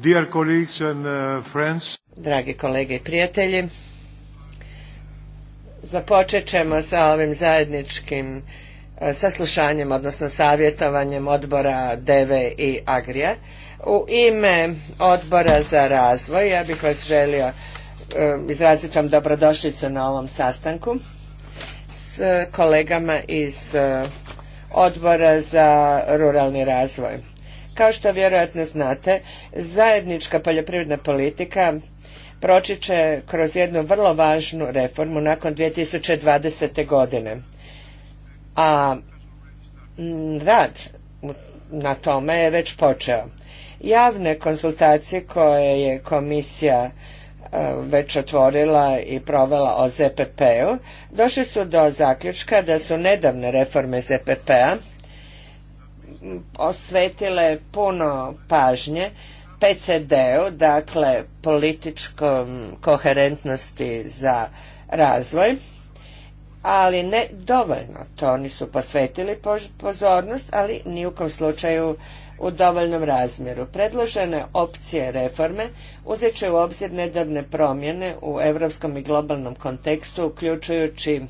Dear colleagues uh, Dragi kolege i prijatelji, započet ćemo sa ovim zajedničkim e, saslušanjem, odnosno savjetovanjem odbora DEVE i Agrija. U ime odbora za razvoj ja bih vas želio e, izraziti vam dobrodošlicu na ovom sastanku s kolegama iz e, odbora za ruralni razvoj. Kao što vjerojatno znate, zajednička poljoprivredna politika proći će kroz jednu vrlo važnu reformu nakon 2020. godine. A rad na tome je već počeo. Javne konsultacije koje je komisija e, već otvorila i provela o ZPP-u, došli su do zaključka da su nedavne reforme ZPP-a osvetile puno pažnje PCD-u, dakle političkom koherentnosti za razvoj, ali ne dovoljno. To oni su posvetili pozornost, ali ni u kom slučaju u dovoljnom razmjeru. Predložene opcije reforme uzet će u obzir nedavne promjene u europskom i globalnom kontekstu, uključujući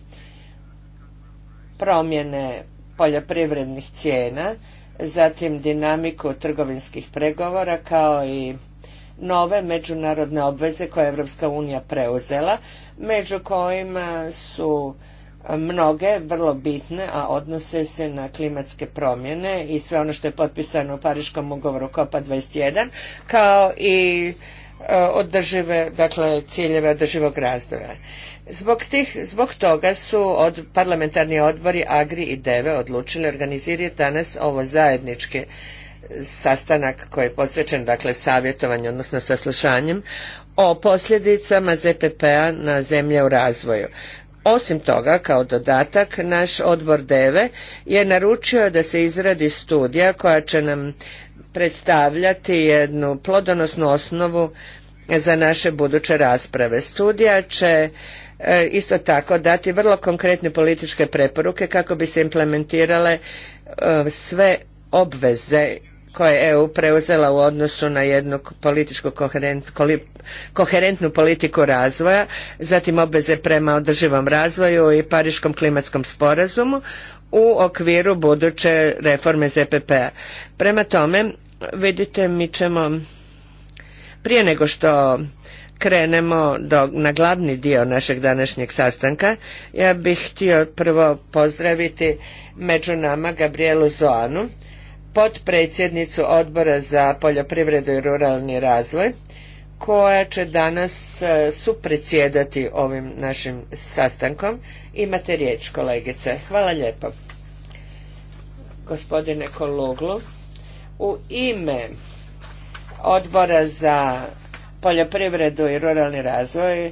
promjene poljoprivrednih cijena, zatim dinamiku trgovinskih pregovora kao i nove međunarodne obveze koje je Evropska unija preuzela, među kojima su mnoge vrlo bitne, a odnose se na klimatske promjene i sve ono što je potpisano u Pariškom ugovoru COPA 21, kao i e, održive, dakle ciljeve održivog razvoja. Zbog, tih, zbog toga su od, parlamentarni odbori Agri i Deve odlučili organizirati danas ovo zajednički sastanak koji je posvećen dakle savjetovanju, odnosno saslušanjem o posljedicama ZPP-a na zemlje u razvoju. Osim toga, kao dodatak, naš odbor DEVE je naručio da se izradi studija koja će nam predstavljati jednu plodonosnu osnovu za naše buduće rasprave. Studija će e, isto tako dati vrlo konkretne političke preporuke kako bi se implementirale e, sve obveze koje je EU preuzela u odnosu na jednu političku koherentnu politiku razvoja, zatim obveze prema održivom razvoju i Pariškom klimatskom sporazumu u okviru buduće reforme ZPP-a. Prema tome, vidite, mi ćemo prije nego što krenemo do, na glavni dio našeg današnjeg sastanka, ja bih htio prvo pozdraviti među nama Gabrielu Zoanu, potpredsjednicu Odbora za poljoprivredu i ruralni razvoj, koja će danas e, supredsjedati ovim našim sastankom. Imate riječ, kolegice. Hvala lijepo. Gospodine Kologlu, u ime odbora za poljoprivredu i ruralni razvoj e,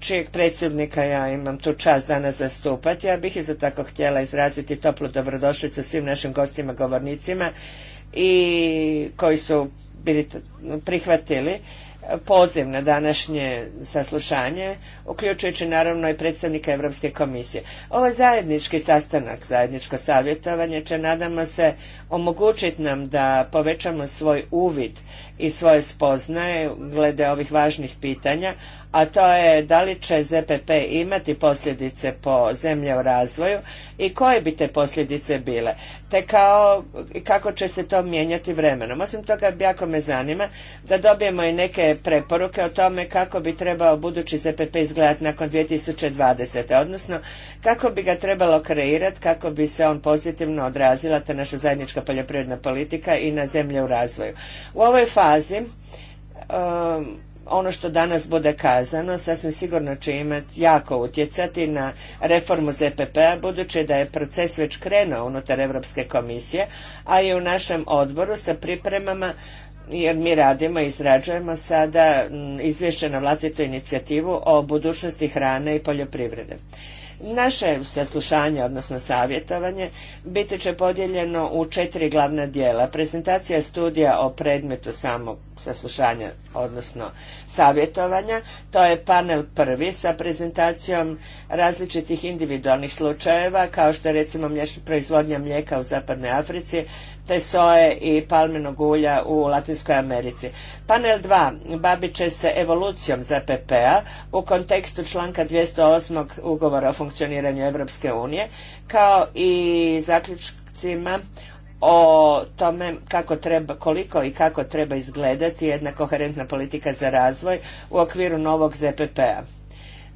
čijeg predsjednika ja imam tu čast danas zastupati. Ja bih isto tako htjela izraziti toplu dobrodošlicu svim našim gostima, govornicima i koji su bili prihvatili poziv na današnje saslušanje, uključujući naravno i predstavnika Europske komisije. Ovaj zajednički sastanak, zajedničko savjetovanje će nadamo se omogućiti nam da povećamo svoj uvid i svoje spoznaje glede ovih važnih pitanja, a to je da li će ZPP imati posljedice po zemlje u razvoju i koje bi te posljedice bile te kao kako će se to mijenjati vremenom. Osim toga, jako me zanima da dobijemo i neke preporuke o tome kako bi trebao budući ZPP izgledati nakon 2020. odnosno kako bi ga trebalo kreirati, kako bi se on pozitivno odrazila, ta naša zajednička poljoprivredna politika i na zemlje u razvoju. U ovoj fazi um, ono što danas bude kazano sasvim sigurno će imati jako utjecati na reformu ZPP-a budući da je proces već krenuo unutar Europske komisije, a i u našem odboru sa pripremama jer mi radimo i izrađujemo sada mm, izvješće na vlastitu inicijativu o budućnosti hrane i poljoprivrede. Naše saslušanje, odnosno savjetovanje, biti će podijeljeno u četiri glavna dijela. Prezentacija studija o predmetu samog saslušanja odnosno savjetovanja. To je panel prvi sa prezentacijom različitih individualnih slučajeva, kao što je recimo proizvodnja mlijeka u Zapadnoj Africi, te soje i palmenog ulja u Latinskoj Americi. Panel 2 babit će se evolucijom ZPP-a u kontekstu članka 208. ugovora o funkcioniranju Europske unije, kao i zaključcima o tome kako treba, koliko i kako treba izgledati jedna koherentna politika za razvoj u okviru novog ZPP-a.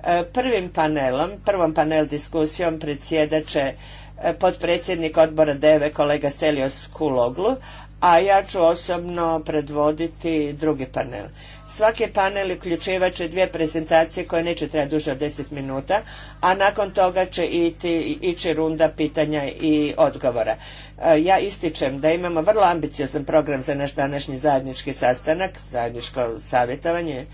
E, prvim panelom, prvom panel diskusijom predsjedat će e, potpredsjednik odbora DEVE kolega Stelios Kuloglu, a ja ću osobno predvoditi drugi panel. Svaki panel uključivat će dvije prezentacije koje neće trajati duže od 10 minuta, a nakon toga će ići runda pitanja i odgovora. E, ja ističem da imamo vrlo ambiciozan program za naš današnji zajednički sastanak, zajedničko savjetovanje,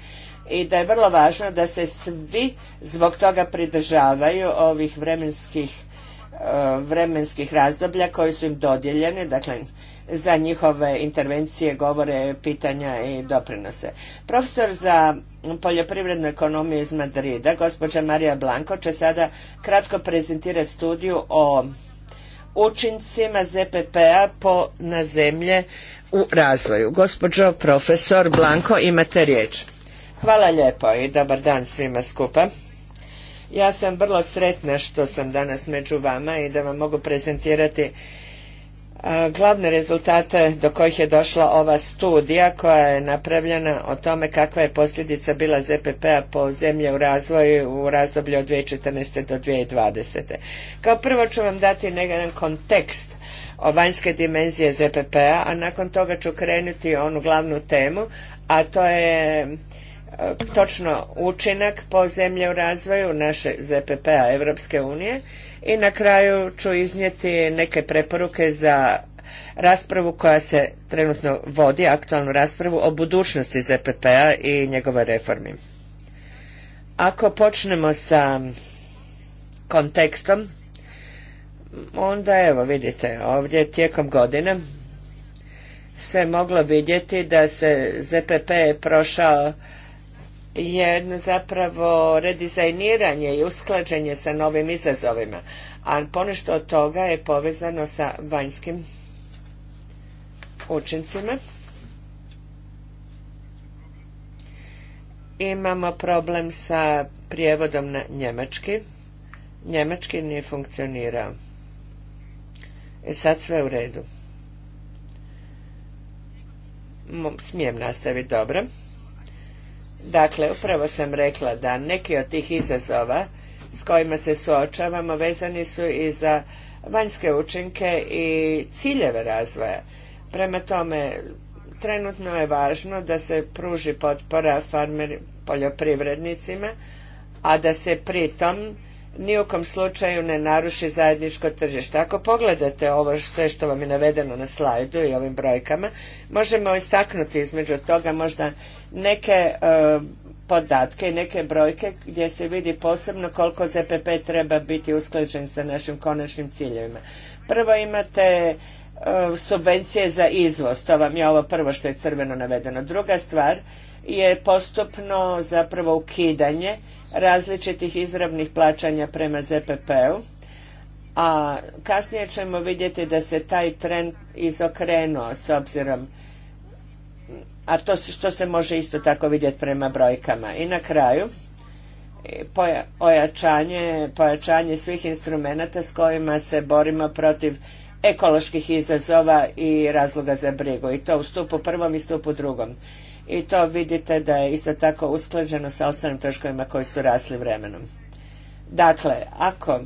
i da je vrlo važno da se svi zbog toga pridržavaju ovih vremenskih e, vremenskih razdoblja koji su im dodijeljeni, dakle za njihove intervencije, govore, pitanja i doprinose. Profesor za poljoprivrednu ekonomiju iz Madrida, gospođa Marija Blanko, će sada kratko prezentirati studiju o učincima ZPP-a na zemlje u razvoju. Gospođo profesor Blanko, imate riječ. Hvala lijepo i dobar dan svima skupa. Ja sam vrlo sretna što sam danas među vama i da vam mogu prezentirati glavne rezultate do kojih je došla ova studija koja je napravljena o tome kakva je posljedica bila ZPP-a po zemlje u razvoju u razdoblju od 2014. do 2020. Kao prvo ću vam dati jedan kontekst o vanjske dimenzije ZPP-a, a nakon toga ću krenuti onu glavnu temu, a to je e, točno učinak po zemlje u razvoju naše ZPP-a Evropske unije i na kraju ću iznijeti neke preporuke za raspravu koja se trenutno vodi, aktualnu raspravu o budućnosti ZPP-a i njegove reformi. Ako počnemo sa kontekstom, onda evo vidite ovdje tijekom godine se moglo vidjeti da se ZPP prošao jedno zapravo redizajniranje i usklađenje sa novim izazovima, a ponešto od toga je povezano sa vanjskim učincima. Imamo problem sa prijevodom na njemački. Njemački nije funkcionirao. I e, sad sve u redu. Smijem nastaviti dobro. Dakle, upravo sam rekla da neki od tih izazova s kojima se suočavamo vezani su i za vanjske učinke i ciljeve razvoja. Prema tome, trenutno je važno da se pruži potpora farmer poljoprivrednicima, a da se pritom ni u kom slučaju ne naruši zajedničko tržište. Ako pogledate ovo sve što vam je navedeno na slajdu i ovim brojkama, možemo istaknuti između toga možda neke e, podatke i neke brojke gdje se vidi posebno koliko ZPP treba biti usklađen sa našim konačnim ciljevima. Prvo imate e, subvencije za izvoz, to vam je ovo prvo što je crveno navedeno. Druga stvar, je postupno zapravo ukidanje različitih izravnih plaćanja prema ZPP-u, a kasnije ćemo vidjeti da se taj trend izokrenuo s obzirom a to što se može isto tako vidjeti prema brojkama. I na kraju, pojačanje svih instrumenata s kojima se borimo protiv ekoloških izazova i razloga za brigu. I to u stupu prvom i stupu drugom i to vidite da je isto tako usklađeno sa ostalim troškovima koji su rasli vremenom. Dakle, ako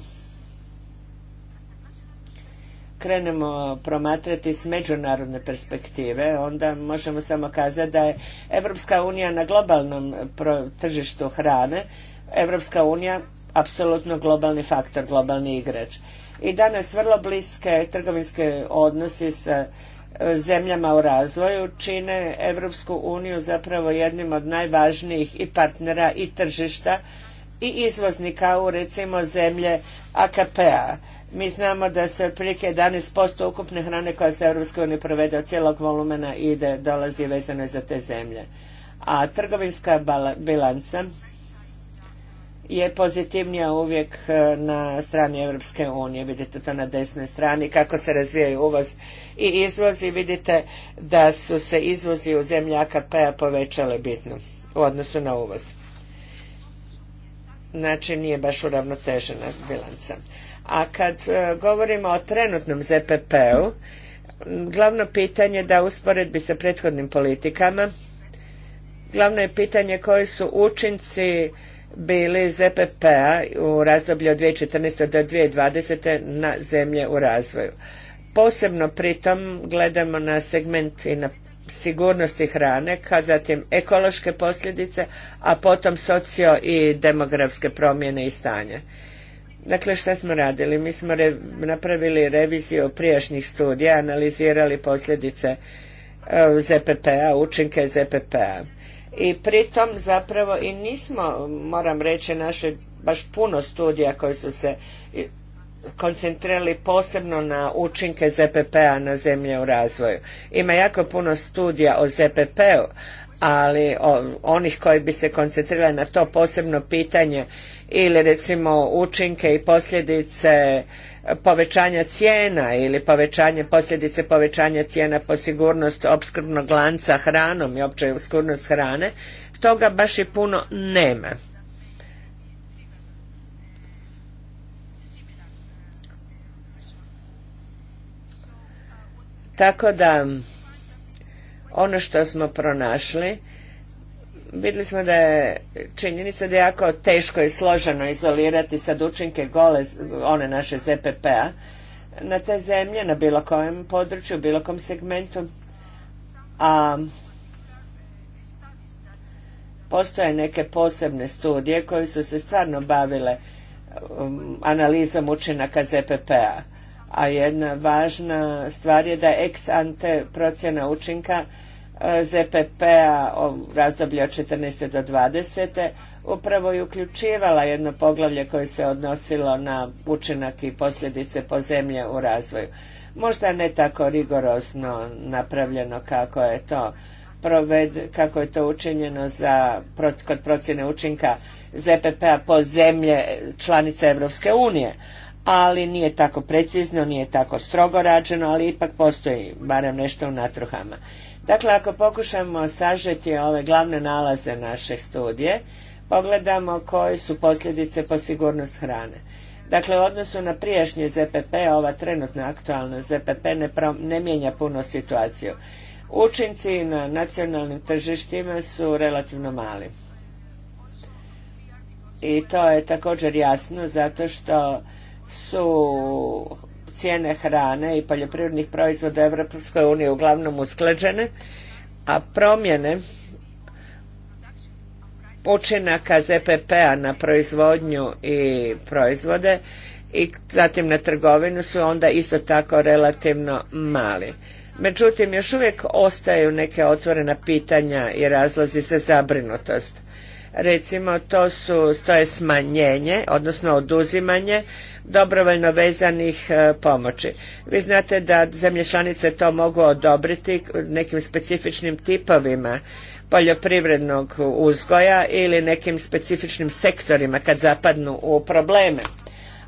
krenemo promatrati s međunarodne perspektive, onda možemo samo kazati da je Evropska unija na globalnom tržištu hrane, Evropska unija apsolutno globalni faktor, globalni igrač. I danas vrlo bliske trgovinske odnosi sa zemljama u razvoju čine Europsku uniju zapravo jednim od najvažnijih i partnera i tržišta i izvoznika u recimo zemlje AKP-a. Mi znamo da se otprilike 11% ukupne hrane koja se u Europskoj provede od cijelog volumena ide, dolazi vezano za te zemlje. A trgovinska bilanca je pozitivnija uvijek e, na strani Europske unije. Vidite to na desnoj strani kako se razvijaju uvoz i izvoz i vidite da su se izvozi u zemlji AKP-a povećale bitno u odnosu na uvoz. Znači nije baš uravnotežena bilanca. A kad e, govorimo o trenutnom ZPP-u, glavno pitanje da usporedbi sa prethodnim politikama, glavno je pitanje koji su učinci bili iz e a p-a u razdoblju od 2014. do 2020. na zemlje u razvoju. Posebno pritom gledamo na segment i na sigurnosti hrane, a zatim ekološke posljedice, a potom socio i demografske promjene i stanje. Dakle, šta smo radili? Mi smo napravili reviziju prijašnjih studija, analizirali posljedice e, ZPP-a, učinke ZPP-a i pritom zapravo i nismo, moram reći, našli baš puno studija koji su se koncentrirali posebno na učinke ZPP-a na zemlje u razvoju. Ima jako puno studija o ZPP-u, ali onih koji bi se koncentrirali na to posebno pitanje ili recimo učinke i posljedice povećanja cijena ili povećanje, posljedice povećanja cijena po sigurnost opskrbnog lanca hranom i opće sigurnost hrane, toga baš i puno nema. Tako da ono što smo pronašli vidjeli smo da je činjenica da je jako teško i složeno izolirati sad učinke gole one naše ZPP-a na te zemlje, na bilo kojem području, bilo kom segmentu. A postoje neke posebne studije koje su se stvarno bavile um, analizom učinaka ZPP-a. A jedna važna stvar je da ex ante procjena učinka ZPP-a o razdoblju od 14. do 20. upravo i uključivala jedno poglavlje koje se odnosilo na učinak i posljedice po zemlje u razvoju. Možda ne tako rigorozno napravljeno kako je to proved, kako je to učinjeno za, kod procjene učinka ZPP-a po zemlje članice Europske unije, ali nije tako precizno, nije tako strogo rađeno, ali ipak postoji barem nešto u natruhama. Dakle, ako pokušamo sažeti ove glavne nalaze naše studije, pogledamo koje su posljedice po sigurnost hrane. Dakle, u odnosu na prijašnje ZPP, ova trenutno aktualna ZPP ne, ne mijenja puno situaciju. Učinci na nacionalnim tržištima su relativno mali. I to je također jasno zato što su cijene hrane i poljoprivrednih proizvoda Europskoj uniji uglavnom usklađene, a promjene učinaka ZPP-a na proizvodnju i proizvode i zatim na trgovinu su onda isto tako relativno mali. Međutim, još uvijek ostaju neke otvorena pitanja i razlozi za zabrinutost. Recimo, to, su, to je smanjenje, odnosno oduzimanje dobrovoljno vezanih e, pomoći. Vi znate da zemlje članice to mogu odobriti nekim specifičnim tipovima poljoprivrednog uzgoja ili nekim specifičnim sektorima kad zapadnu u probleme.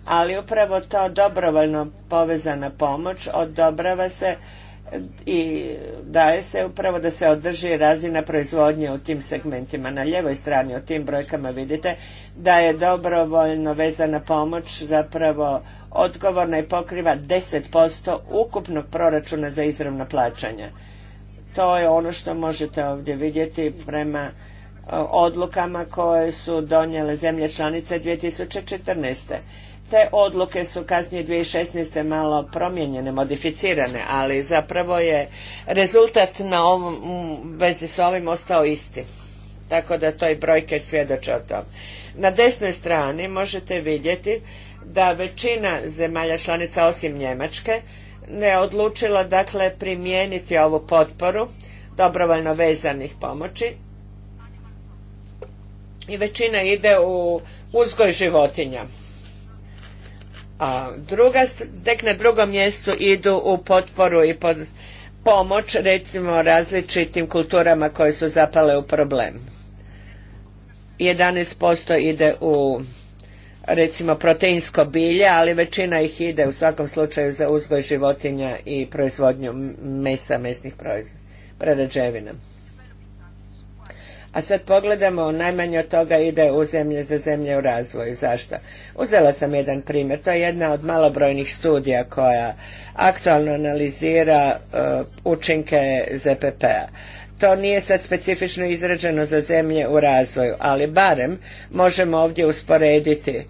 Ali upravo to dobrovoljno povezana pomoć odobrava se i daje se upravo da se održi razina proizvodnje u tim segmentima. Na ljevoj strani u tim brojkama vidite da je dobrovoljno vezana pomoć zapravo odgovorna i pokriva 10% ukupnog proračuna za izravna plaćanja. To je ono što možete ovdje vidjeti prema e, odlukama koje su donijele zemlje članice 2014. Te odluke su kasnije 2016. malo promijenjene, modificirane, ali zapravo je rezultat na ovom, vezi s ovim ostao isti. Tako da to i brojke svjedoče o tom. Na desnoj strani možete vidjeti da većina zemalja članica osim Njemačke ne odlučila dakle primijeniti ovu potporu dobrovoljno vezanih pomoći i većina ide u uzgoj životinja a druga, tek na drugom mjestu idu u potporu i pod pomoć recimo različitim kulturama koje su zapale u problem. 11% ide u recimo proteinsko bilje, ali većina ih ide u svakom slučaju za uzgoj životinja i proizvodnju mesa, mesnih proizvoda, prerađevina. A sad pogledamo, najmanje od toga ide u zemlje za zemlje u razvoju. Zašto? Uzela sam jedan primjer. To je jedna od malobrojnih studija koja aktualno analizira uh, učinke ZPP-a. To nije sad specifično izrađeno za zemlje u razvoju, ali barem možemo ovdje usporediti.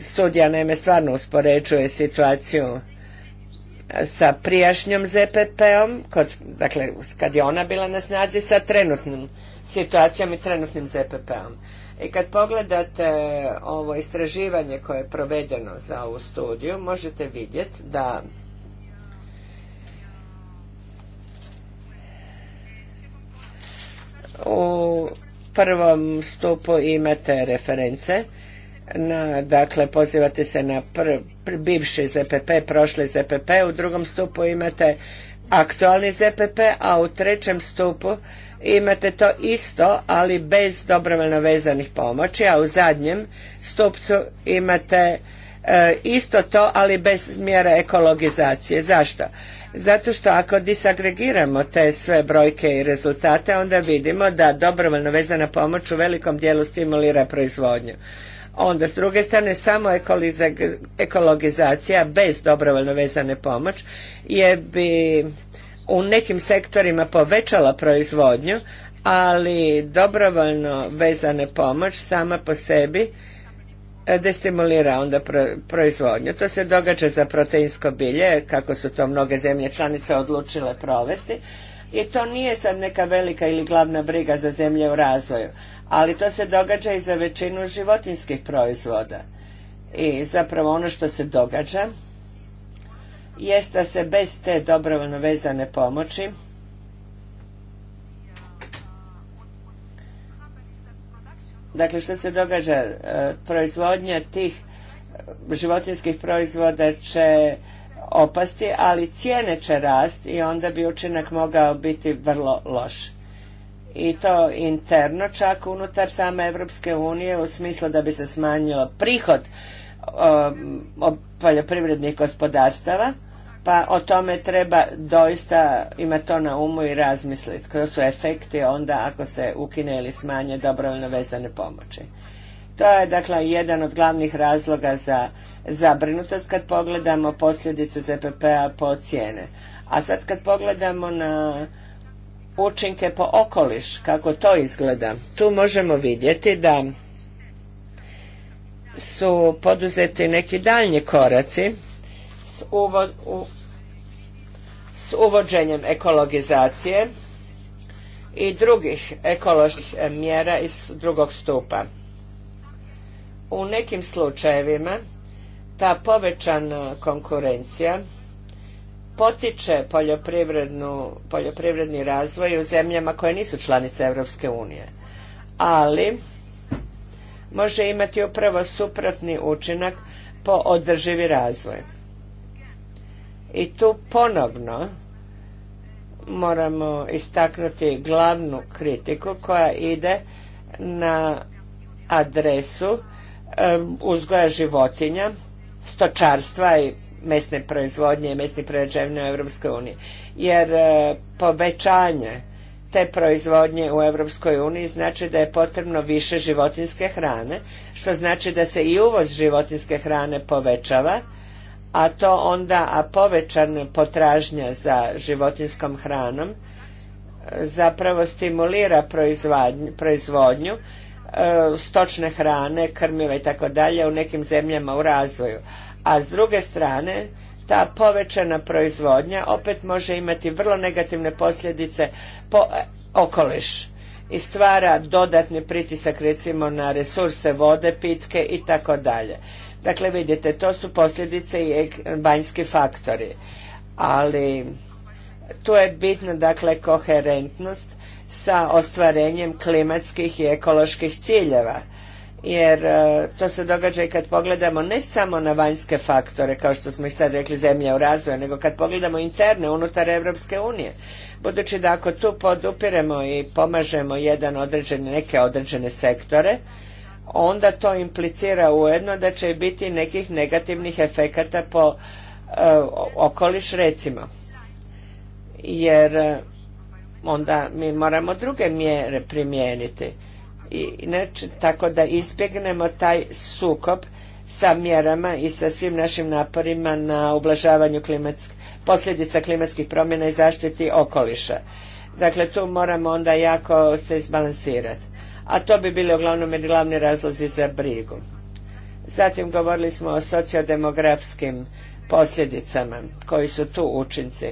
Studija naime stvarno uspoređuje situaciju sa prijašnjom ZPP-om, dakle kad je ona bila na snazi, sa trenutnim situacijom i trenutnim ZPP-om. I kad pogledate ovo istraživanje koje je provedeno za ovu studiju, možete vidjeti da u prvom stupu imate reference na, dakle pozivate se na pr, pr, bivši ZPP, prošli ZPP, u drugom stupu imate aktualni ZPP, a u trećem stupu imate to isto, ali bez dobrovoljno vezanih pomoći, a u zadnjem stupcu imate e, isto to, ali bez mjera ekologizacije. Zašto? Zato što ako disagregiramo te sve brojke i rezultate, onda vidimo da dobrovoljno vezana pomoć u velikom dijelu stimulira proizvodnju. Onda, s druge strane, samo ekologizacija bez dobrovoljno vezane pomoć je bi u nekim sektorima povećala proizvodnju, ali dobrovoljno vezane pomoć sama po sebi e, destimulira onda proizvodnju. To se događa za proteinsko bilje, kako su to mnoge zemlje članice odlučile provesti, i to nije sad neka velika ili glavna briga za zemlje u razvoju, ali to se događa i za većinu životinskih proizvoda. I zapravo ono što se događa jest da se bez te dobrovoljno vezane pomoći dakle što se događa e, proizvodnja tih e, životinskih proizvoda će opasti, ali cijene će rast i onda bi učinak mogao biti vrlo loš. I to interno čak unutar same Evropske unije u smislu da bi se smanjilo prihod um, poljoprivrednih gospodarstava, pa o tome treba doista imati to na umu i razmisliti. Koji su efekti onda ako se ukine ili smanje dobrovoljno vezane pomoći. To je dakle jedan od glavnih razloga za zabrinutost kad pogledamo posljedice ZPP-a po cijene. A sad kad pogledamo na učinke po okoliš, kako to izgleda, tu možemo vidjeti da su poduzeti neki daljnji koraci s, s uvođenjem ekologizacije i drugih ekoloških mjera iz drugog stupa. U nekim slučajevima ta povećana e, konkurencija potiče poljoprivredni razvoj u zemljama koje nisu članice Europske unije, ali može imati upravo suprotni učinak po održivi razvoj. I tu ponovno moramo istaknuti glavnu kritiku koja ide na adresu e, uzgoja životinja stočarstva i mesne proizvodnje i mesne prerađevine u Evropskoj uniji. Jer e, povećanje te proizvodnje u Evropskoj uniji znači da je potrebno više životinske hrane, što znači da se i uvoz životinske hrane povećava, a to onda, a povećana potražnja za životinskom hranom e, zapravo stimulira proizvodnju E, stočne hrane, krmiva i tako dalje u nekim zemljama u razvoju. A s druge strane, ta povećana proizvodnja opet može imati vrlo negativne posljedice po e, okoliš i stvara dodatni pritisak recimo na resurse vode, pitke i tako dalje. Dakle, vidite, to su posljedice i banjski faktori. Ali tu je bitna dakle koherentnost sa ostvarenjem klimatskih i ekoloških ciljeva. Jer e, to se događa i kad pogledamo ne samo na vanjske faktore, kao što smo ih sad rekli zemlja u razvoju, nego kad pogledamo interne unutar Evropske unije. Budući da ako tu podupiremo i pomažemo jedan određen, neke određene sektore, onda to implicira ujedno da će biti nekih negativnih efekata po e, okoliš recimo. Jer e, onda mi moramo druge mjere primijeniti. I, inače, tako da izbjegnemo taj sukob sa mjerama i sa svim našim naporima na ublažavanju posljedica klimatskih promjena i zaštiti okoliša. Dakle, tu moramo onda jako se izbalansirati. A to bi bili uglavnom i glavni razlozi za brigu. Zatim govorili smo o sociodemografskim posljedicama koji su tu učinci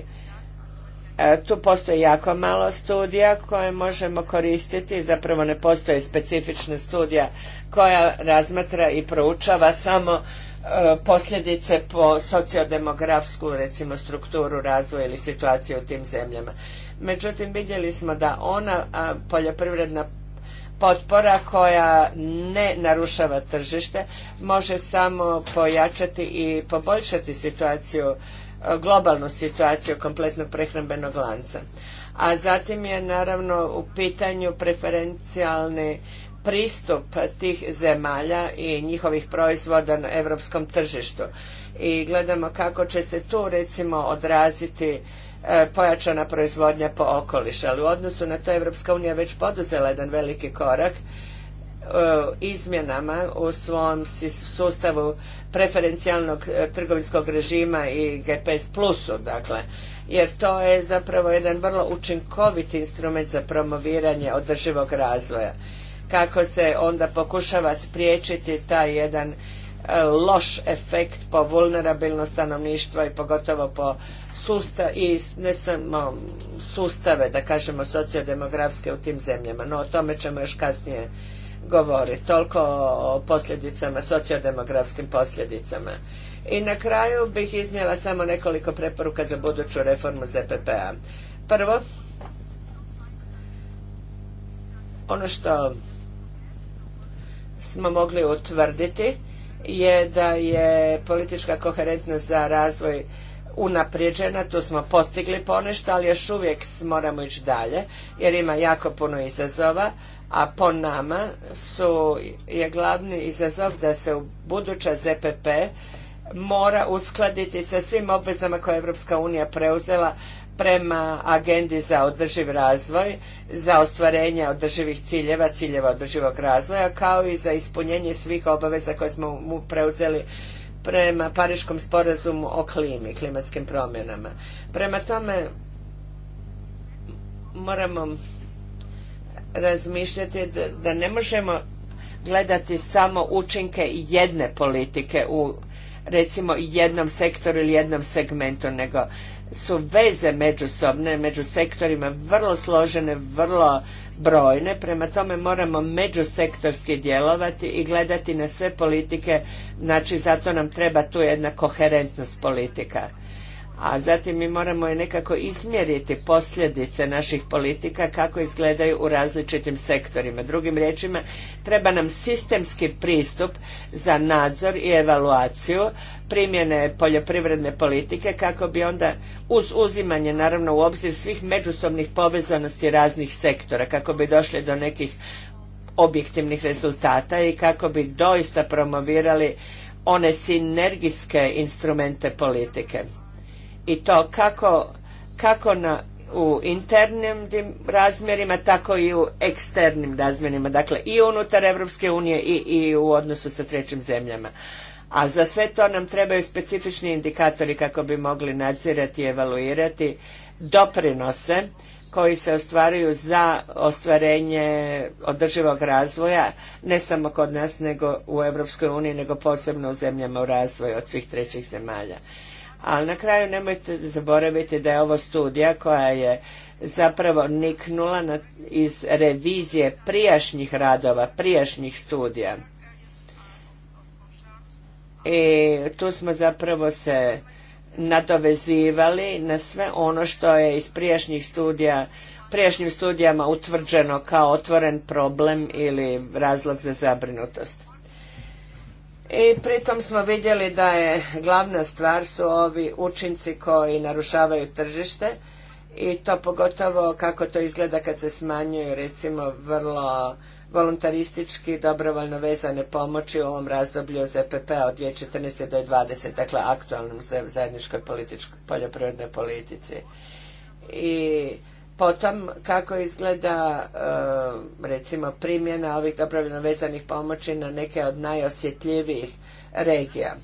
E, tu postoji jako malo studija koje možemo koristiti, zapravo ne postoje specifična studija koja razmatra i proučava samo e, posljedice po sociodemografsku recimo strukturu razvoja ili situaciju u tim zemljama. Međutim, vidjeli smo da ona poljoprivredna potpora koja ne narušava tržište može samo pojačati i poboljšati situaciju E, globalnu situaciju kompletnog prehrambenog lanca. A zatim je naravno u pitanju preferencijalni pristup tih zemalja i njihovih proizvoda na europskom tržištu. I gledamo kako će se tu recimo odraziti e, pojačana proizvodnja po okoliš. Ali u odnosu na to Evropska unija već poduzela jedan veliki korak E, izmjenama u svom sustavu preferencijalnog e, trgovinskog režima i GPS plusu, dakle, jer to je zapravo jedan vrlo učinkovit instrument za promoviranje održivog razvoja. Kako se onda pokušava spriječiti taj jedan e, loš efekt po vulnerabilno stanovništvo i pogotovo po susta i ne samo sustave, da kažemo, sociodemografske u tim zemljama. No, o tome ćemo još kasnije govori. Toliko o posljedicama, sociodemografskim posljedicama. I na kraju bih iznijela samo nekoliko preporuka za buduću reformu ZPP-a. Prvo, ono što smo mogli utvrditi je da je politička koherentnost za razvoj unaprijeđena, tu smo postigli ponešto, ali još uvijek moramo ići dalje jer ima jako puno izazova a po nama su, je glavni izazov da se u buduća ZPP mora uskladiti sa svim obvezama koje je EU unija preuzela prema agendi za održiv razvoj, za ostvarenje održivih ciljeva, ciljeva održivog razvoja, kao i za ispunjenje svih obaveza koje smo mu preuzeli prema Pariškom sporazumu o klimi, klimatskim promjenama. Prema tome, moramo razmišljati da, ne možemo gledati samo učinke jedne politike u recimo jednom sektoru ili jednom segmentu, nego su veze međusobne, među sektorima vrlo složene, vrlo brojne, prema tome moramo međusektorski djelovati i gledati na sve politike, znači zato nam treba tu jedna koherentnost politika a zatim mi moramo i nekako izmjeriti posljedice naših politika kako izgledaju u različitim sektorima. Drugim riječima, treba nam sistemski pristup za nadzor i evaluaciju primjene poljoprivredne politike kako bi onda uz uzimanje naravno u obzir svih međusobnih povezanosti raznih sektora kako bi došli do nekih objektivnih rezultata i kako bi doista promovirali one sinergijske instrumente politike i to kako, kako na, u internim razmjerima, tako i u eksternim razmjerima, dakle i unutar Europske unije i, i u odnosu sa trećim zemljama. A za sve to nam trebaju specifični indikatori kako bi mogli nadzirati i evaluirati doprinose koji se ostvaruju za ostvarenje održivog razvoja, ne samo kod nas nego u Evropskoj uniji, nego posebno u zemljama u razvoju od svih trećih zemalja. Ali na kraju nemojte zaboraviti da je ovo studija koja je zapravo niknula iz revizije prijašnjih radova, prijašnjih studija. I tu smo zapravo se nadovezivali na sve ono što je iz prijašnjih studija prijašnjim studijama utvrđeno kao otvoren problem ili razlog za zabrinutost i pritom smo vidjeli da je glavna stvar su ovi učinci koji narušavaju tržište i to pogotovo kako to izgleda kad se smanjuju recimo vrlo voluntaristički dobrovoljno vezane pomoći u ovom razdoblju ZPP-a od 2014. do 2020. dakle aktualnom zajedničkoj poljoprivrednoj politici. I Potom kako izgleda e, recimo primjena ovih dobrovoljno vezanih pomoći na neke od najosjetljivijih regija.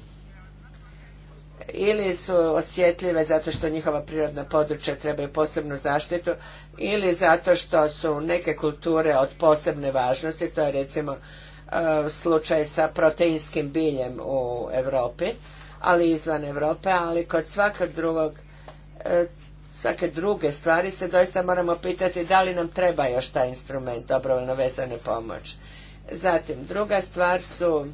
Ili su osjetljive zato što njihova prirodna područja trebaju posebnu zaštitu ili zato što su neke kulture od posebne važnosti, to je recimo e, slučaj sa proteinskim biljem u Europi, ali izvan Europe, ali kod svakog drugog e, svake druge stvari se doista moramo pitati da li nam treba još taj instrument dobrovoljno vezane pomoć. Zatim, druga stvar su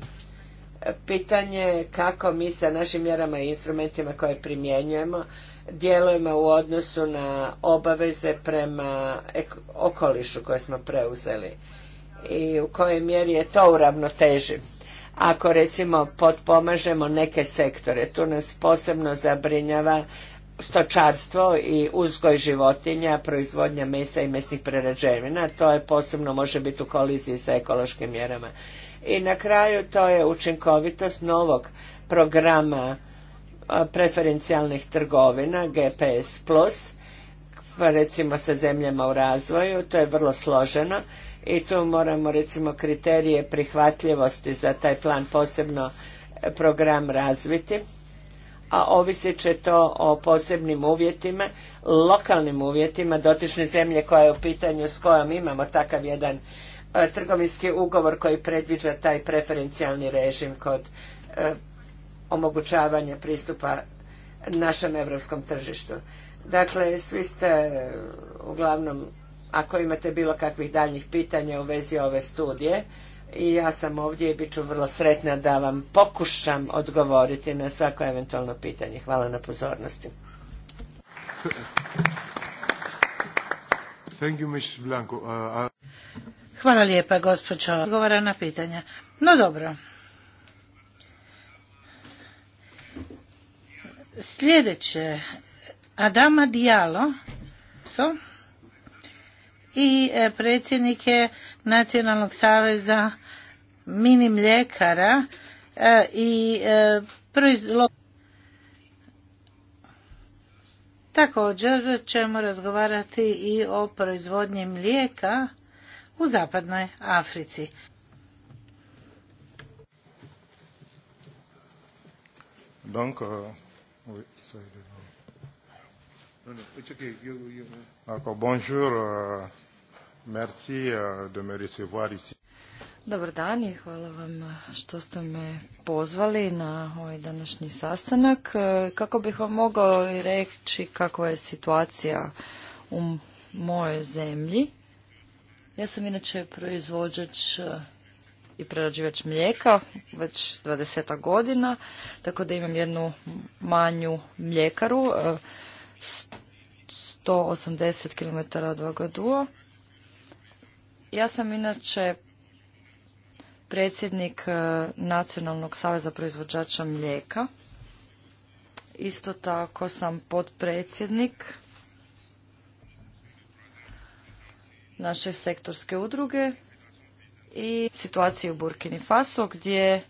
e, pitanje kako mi sa našim mjerama i instrumentima koje primjenjujemo djelujemo u odnosu na obaveze prema okolišu koje smo preuzeli i u kojoj mjeri je to u Ako recimo potpomažemo neke sektore, tu nas posebno zabrinjava stočarstvo i uzgoj životinja, proizvodnja mesa i mesnih prerađevina. To je posebno može biti u koliziji sa ekološkim mjerama. I na kraju to je učinkovitost novog programa preferencijalnih trgovina GPS+, plus pa recimo sa zemljama u razvoju, to je vrlo složeno i tu moramo recimo kriterije prihvatljivosti za taj plan posebno e, program razviti a ovisit će to o posebnim uvjetima, lokalnim uvjetima dotične zemlje koja je u pitanju s kojom imamo takav jedan e, trgovinski ugovor koji predviđa taj preferencijalni režim kod e, omogućavanja pristupa našem europskom tržištu. Dakle, svi ste uglavnom, ako imate bilo kakvih daljnjih pitanja u vezi ove studije, i ja sam ovdje i bit ću vrlo sretna da vam pokušam odgovoriti na svako eventualno pitanje. Hvala na pozornosti. Thank you, uh, Hvala lijepa, gospođo. Odgovara na pitanja. No dobro. Sljedeće, Adama Dijalo i e, predsjednike Nacionalnog saveza mini mljekara e, i e, proizvod Također ćemo razgovarati i o proizvodnji mlijeka u zapadnoj Africi. Donc, oui, bonjour, euh, merci euh, de me recevoir ici. Dobar dan i hvala vam što ste me pozvali na ovaj današnji sastanak. E, kako bih vam mogao reći kakva je situacija u mojoj zemlji? Ja sam inače proizvođač e, i prerađivač mlijeka već 20 godina, tako da imam jednu manju mljekaru, 180 e, km od Ja sam inače predsjednik e, Nacionalnog saveza proizvođača mlijeka. Isto tako sam potpredsjednik naše sektorske udruge i situacije u Burkini Faso gdje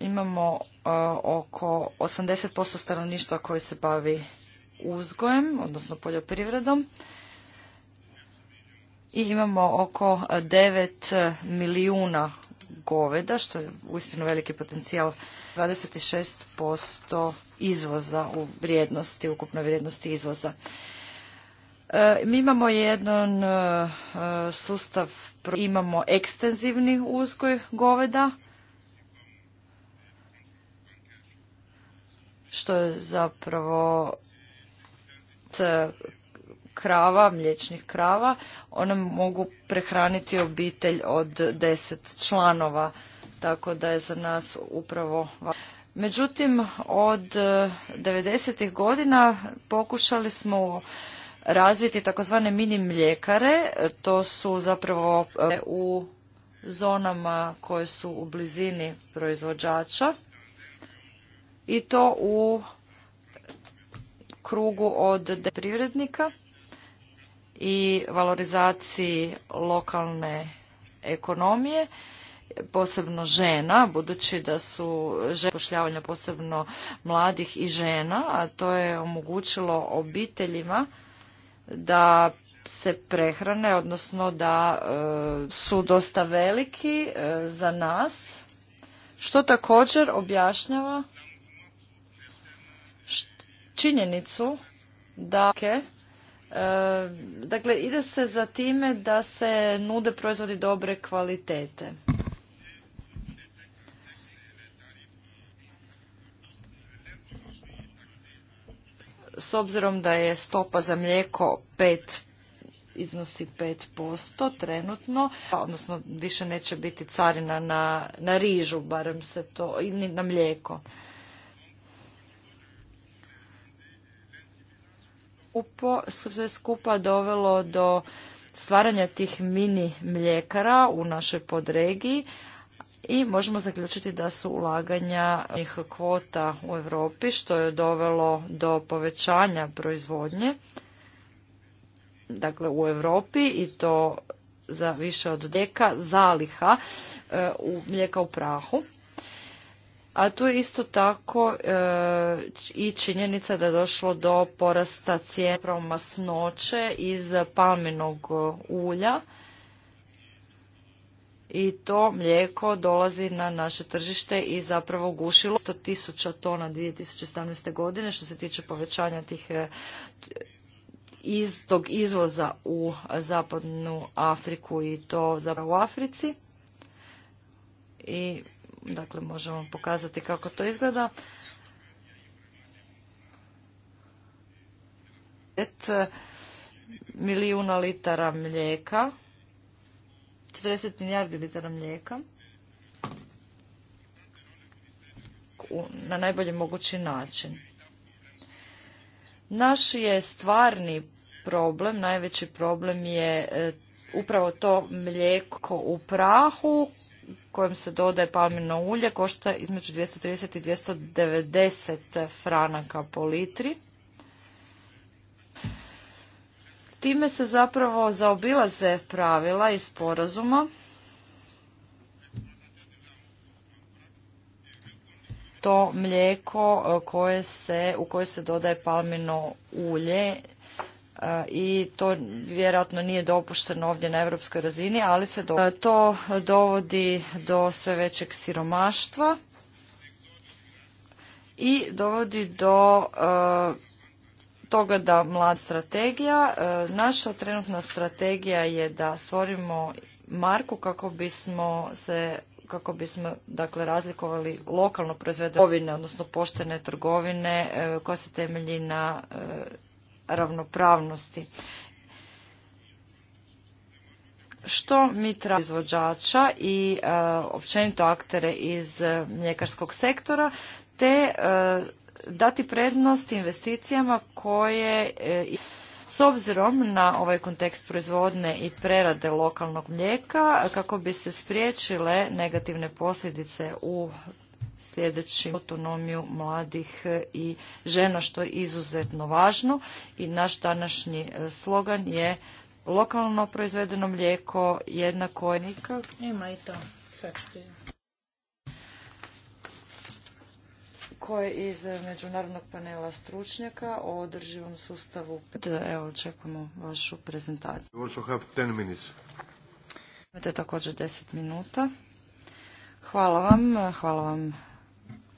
imamo e, oko 80% stanovništva koje se bavi uzgojem, odnosno poljoprivredom i imamo oko 9 milijuna goveda, što je uistinu veliki potencijal, 26% izvoza u vrijednosti, ukupno vrijednosti izvoza. E, mi imamo jedan e, sustav, imamo ekstenzivni uzgoj goveda, što je zapravo krava, mliječnih krava, one mogu prehraniti obitelj od deset članova, tako da je za nas upravo Međutim, od 90. E, godina pokušali smo razviti takozvane mini mljekare. To su zapravo e, u zonama koje su u blizini proizvođača i to u krugu od privrednika i valorizaciji lokalne ekonomije posebno žena, budući da su zapošljavanja posebno mladih i žena, a to je omogućilo obiteljima da se prehrane, odnosno da e, su dosta veliki e, za nas, što također objašnjava činjenicu da E, dakle, ide se za time da se nude proizvodi dobre kvalitete. S obzirom da je stopa za mlijeko 5 iznosi 5% trenutno, odnosno više neće biti carina na, na rižu, barem se to, i na mlijeko. sve skupa dovelo do stvaranja tih mini mljekara u našoj podregiji i možemo zaključiti da su ulaganja njih kvota u Europi što je dovelo do povećanja proizvodnje dakle u Europi i to za više od deka zaliha e, u mlijeka u prahu a tu je isto tako e, i činjenica da je došlo do porasta cijena masnoće iz palminog ulja i to mlijeko dolazi na naše tržište i zapravo gušilo 100.000 tisuća tona 2017. godine što se tiče povećanja tih e, iz tog izvoza u zapadnu Afriku i to zapravo u Africi i dakle možemo pokazati kako to izgleda. Et e, milijuna litara mlijeka, 40 milijardi litara mlijeka na najbolji mogući način. Naš je stvarni problem, najveći problem je e, upravo to mlijeko u prahu kojem se dodaje palmino ulje košta između 230 i 290 franaka po litri. Time se zapravo zaobilaze pravila i sporazuma. To mlijeko e, koje se, u koje se dodaje palmino ulje i to vjerojatno nije dopušteno ovdje na europskoj razini, ali se to dovodi do sve većeg siromaštva i dovodi do toga da mlad strategija, naša trenutna strategija je da stvorimo marku kako bismo se kako bismo dakle razlikovali lokalno proizvedene odnosno poštene trgovine e, koja se temelji na e, ravnopravnosti. Što mi tražimo izvođača i e, općenito aktere iz e, mljekarskog sektora, te e, dati prednost investicijama koje s obzirom na ovaj kontekst proizvodne i prerade lokalnog mlijeka kako bi se spriječile negativne posljedice u sljedeći autonomiju mladih i žena, što je izuzetno važno. I naš današnji e, slogan je lokalno proizvedeno mlijeko jedna kojnika nikak. Ima i to. iz Međunarodnog panela stručnjaka o održivom sustavu. Evo, čekamo vašu prezentaciju. Imate također 10 minuta. Hvala vam, hvala vam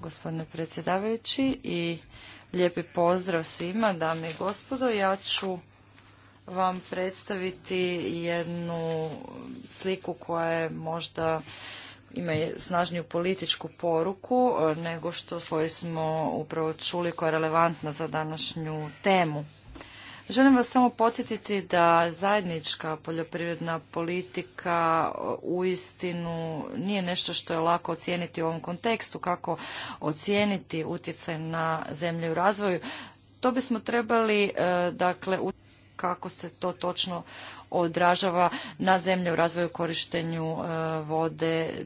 gospodine predsjedavajući i lijepi pozdrav svima, dame i gospodo. Ja ću vam predstaviti jednu sliku koja je možda ima snažniju političku poruku e, nego što smo upravo čuli koja je relevantna za današnju temu. Želim vas samo podsjetiti da zajednička poljoprivredna politika uistinu nije nešto što je lako ocijeniti u ovom kontekstu, kako ocijeniti utjecaj na zemlje u razvoju. To bismo trebali, e, dakle, kako se to točno odražava na zemlje u razvoju korištenju e, vode,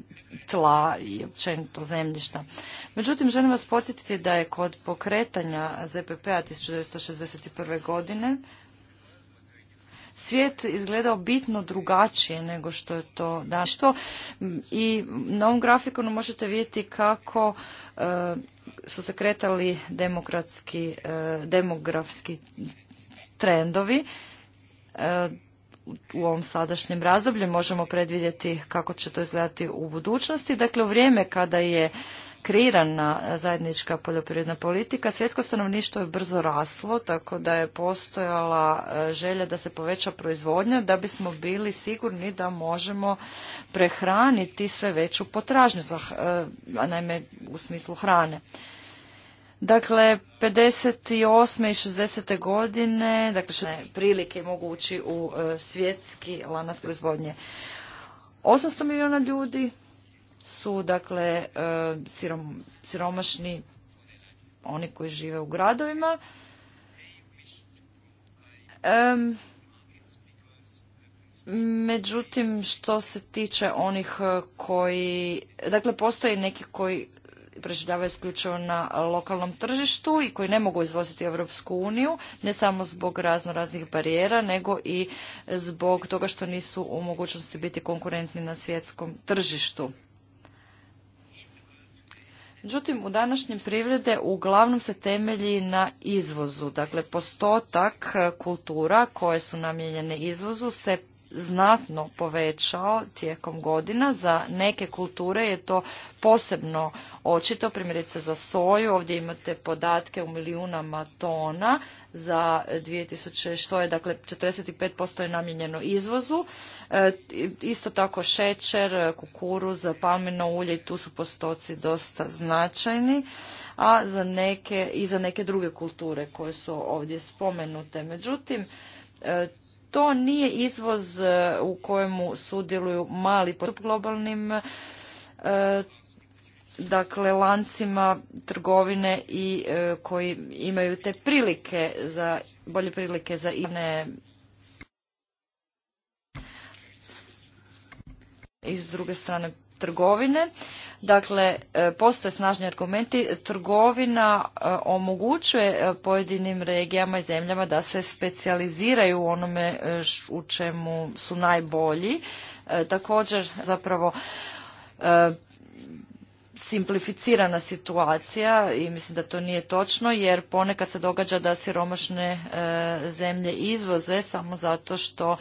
tla i općenito zemljišta. Međutim, želim vas podsjetiti da je kod pokretanja ZPP-a 1961. godine svijet izgledao bitno drugačije nego što je to danas. I na ovom grafikonu možete vidjeti kako e, su se kretali demokratski, e, demografski trendovi u ovom sadašnjem razdoblju, možemo predvidjeti kako će to izgledati u budućnosti. Dakle, u vrijeme kada je kreirana zajednička poljoprivredna politika, svjetsko stanovništvo je brzo raslo, tako da je postojala e, želja da se poveća proizvodnja, da bismo bili sigurni da možemo prehraniti sve veću potražnju, e, naime u smislu hrane. Dakle, 58. i 60. godine, dakle, prilike mogu ući u e, svjetski lanac proizvodnje. 800 milijuna ljudi su, dakle, e, siromašni oni koji žive u gradovima. međutim, što se tiče onih e, koji, dakle, postoje neki koji preživljavaju isključivo na lokalnom tržištu i koji ne mogu izvoziti u Europsku uniju, ne samo zbog razno raznih barijera, nego i zbog toga što nisu u mogućnosti biti konkurentni na svjetskom tržištu. Međutim, u današnjem privrede uglavnom se temelji na izvozu. Dakle, postotak kultura koje su namijenjene izvozu se znatno povećao tijekom godina. Za neke kulture je to posebno očito, primjerice za soju, ovdje imate podatke u milijunama tona za 2000, što je dakle 45% je namijenjeno izvozu. E, isto tako šećer, kukuruz, palmino ulje i tu su postoci dosta značajni, a za neke i za neke druge kulture koje su ovdje spomenute. Međutim, e, to nije izvoz e, u kojemu sudjeluju mali postup globalnim e, dakle lancima trgovine i e, koji imaju te prilike za bolje prilike za ine iz druge strane trgovine Dakle, e, postoje snažni argumenti. Trgovina e, omogućuje e, pojedinim regijama i zemljama da se specijaliziraju u onome u čemu su najbolji. Također, zapravo, simplificirana situacija i mislim da to nije točno jer ponekad se događa da siromašne zemlje izvoze samo zato što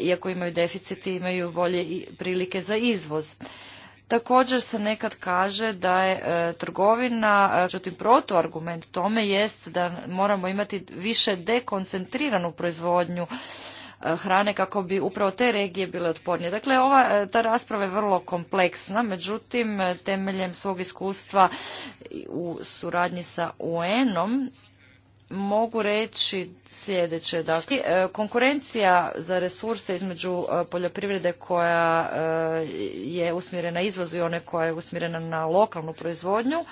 iako imaju deficit imaju bolje prilike za izvoz. Također se nekad kaže da je e, trgovina, e, međutim protuargument tome jest da moramo imati više dekoncentriranu proizvodnju e, hrane kako bi upravo te regije bile otpornije. Dakle, ova, e, ta rasprava je vrlo kompleksna, međutim, temeljem svog iskustva u suradnji sa UN-om mogu reći sljedeće. Dakle, e, konkurencija za resurse između e, poljoprivrede koja e, je usmjerena izvozu i one koja je usmjerena na lokalnu proizvodnju,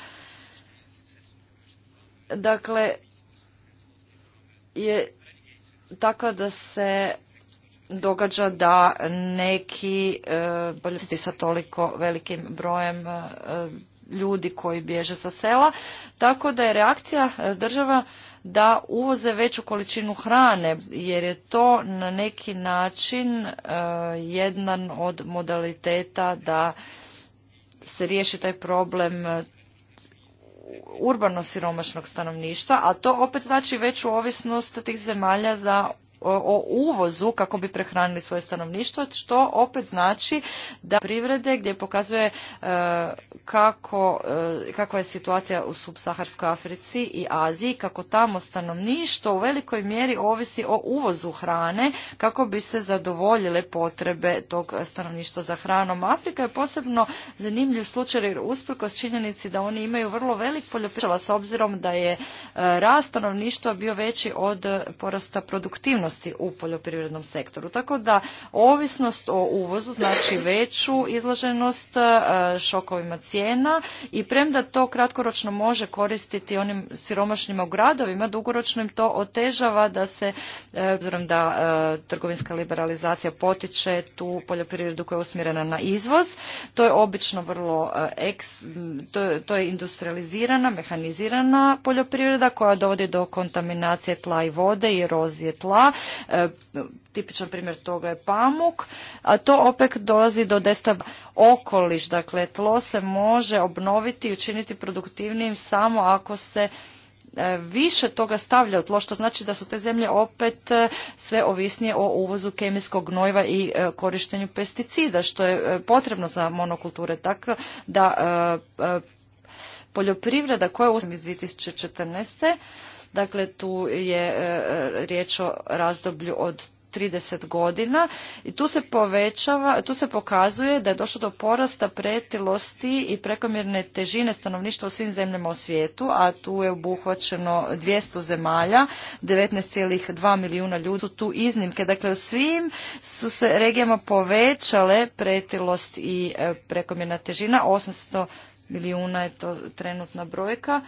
dakle, je takva da se događa da neki poljesti sa toliko velikim brojem ljudi koji bježe sa sela, tako da je reakcija e, država da uvoze veću količinu hrane, jer je to na neki način e, jedan od modaliteta da se riješi taj problem e, urbano siromašnog stanovništva, a to opet znači veću ovisnost tih zemalja za o uvozu kako bi prehranili svoje stanovništvo, što opet znači da privrede gdje pokazuje e, kako, e, kakva je situacija u subsaharskoj Africi i Aziji, kako tamo stanovništvo u velikoj mjeri ovisi o uvozu hrane kako bi se zadovoljile potrebe tog stanovništva za hranom. Afrika je posebno zanimljiv slučaj jer usprkos činjenici da oni imaju vrlo velik poljoprivreda s obzirom da je e, rast stanovništva bio veći od porasta produktivnosti aktivnosti u poljoprivrednom sektoru. Tako da ovisnost o uvozu znači veću izloženost e, šokovima cijena i premda to kratkoročno može koristiti onim siromašnim u gradovima, dugoročno im to otežava da se, e, obzirom da e, trgovinska liberalizacija potiče tu poljoprivredu koja je usmjerena na izvoz, to je obično vrlo to, je industrializirana, mehanizirana poljoprivreda koja dovodi do kontaminacije tla i vode i erozije tla E, tipičan primjer toga je pamuk, a to opet dolazi do destav okoliš. Dakle, tlo se može obnoviti i učiniti produktivnijim samo ako se e, više toga stavlja u tlo, što znači da su te zemlje opet e, sve ovisnije o uvozu kemijskog gnojiva i e, korištenju pesticida, što je potrebno za monokulture. Tako da poljoprivreda koja je iz 2014 Dakle, tu je e, e, riječ o razdoblju od 30 godina i tu se povećava, tu se pokazuje da je došlo do porasta pretilosti i prekomjerne težine stanovništva u svim zemljama u svijetu, a tu je obuhvaćeno 200 zemalja, 19,2 milijuna ljudi su tu iznimke. Dakle, u svim su se regijama povećale pretilost i e, prekomjerna težina, 800 milijuna je to trenutna brojka.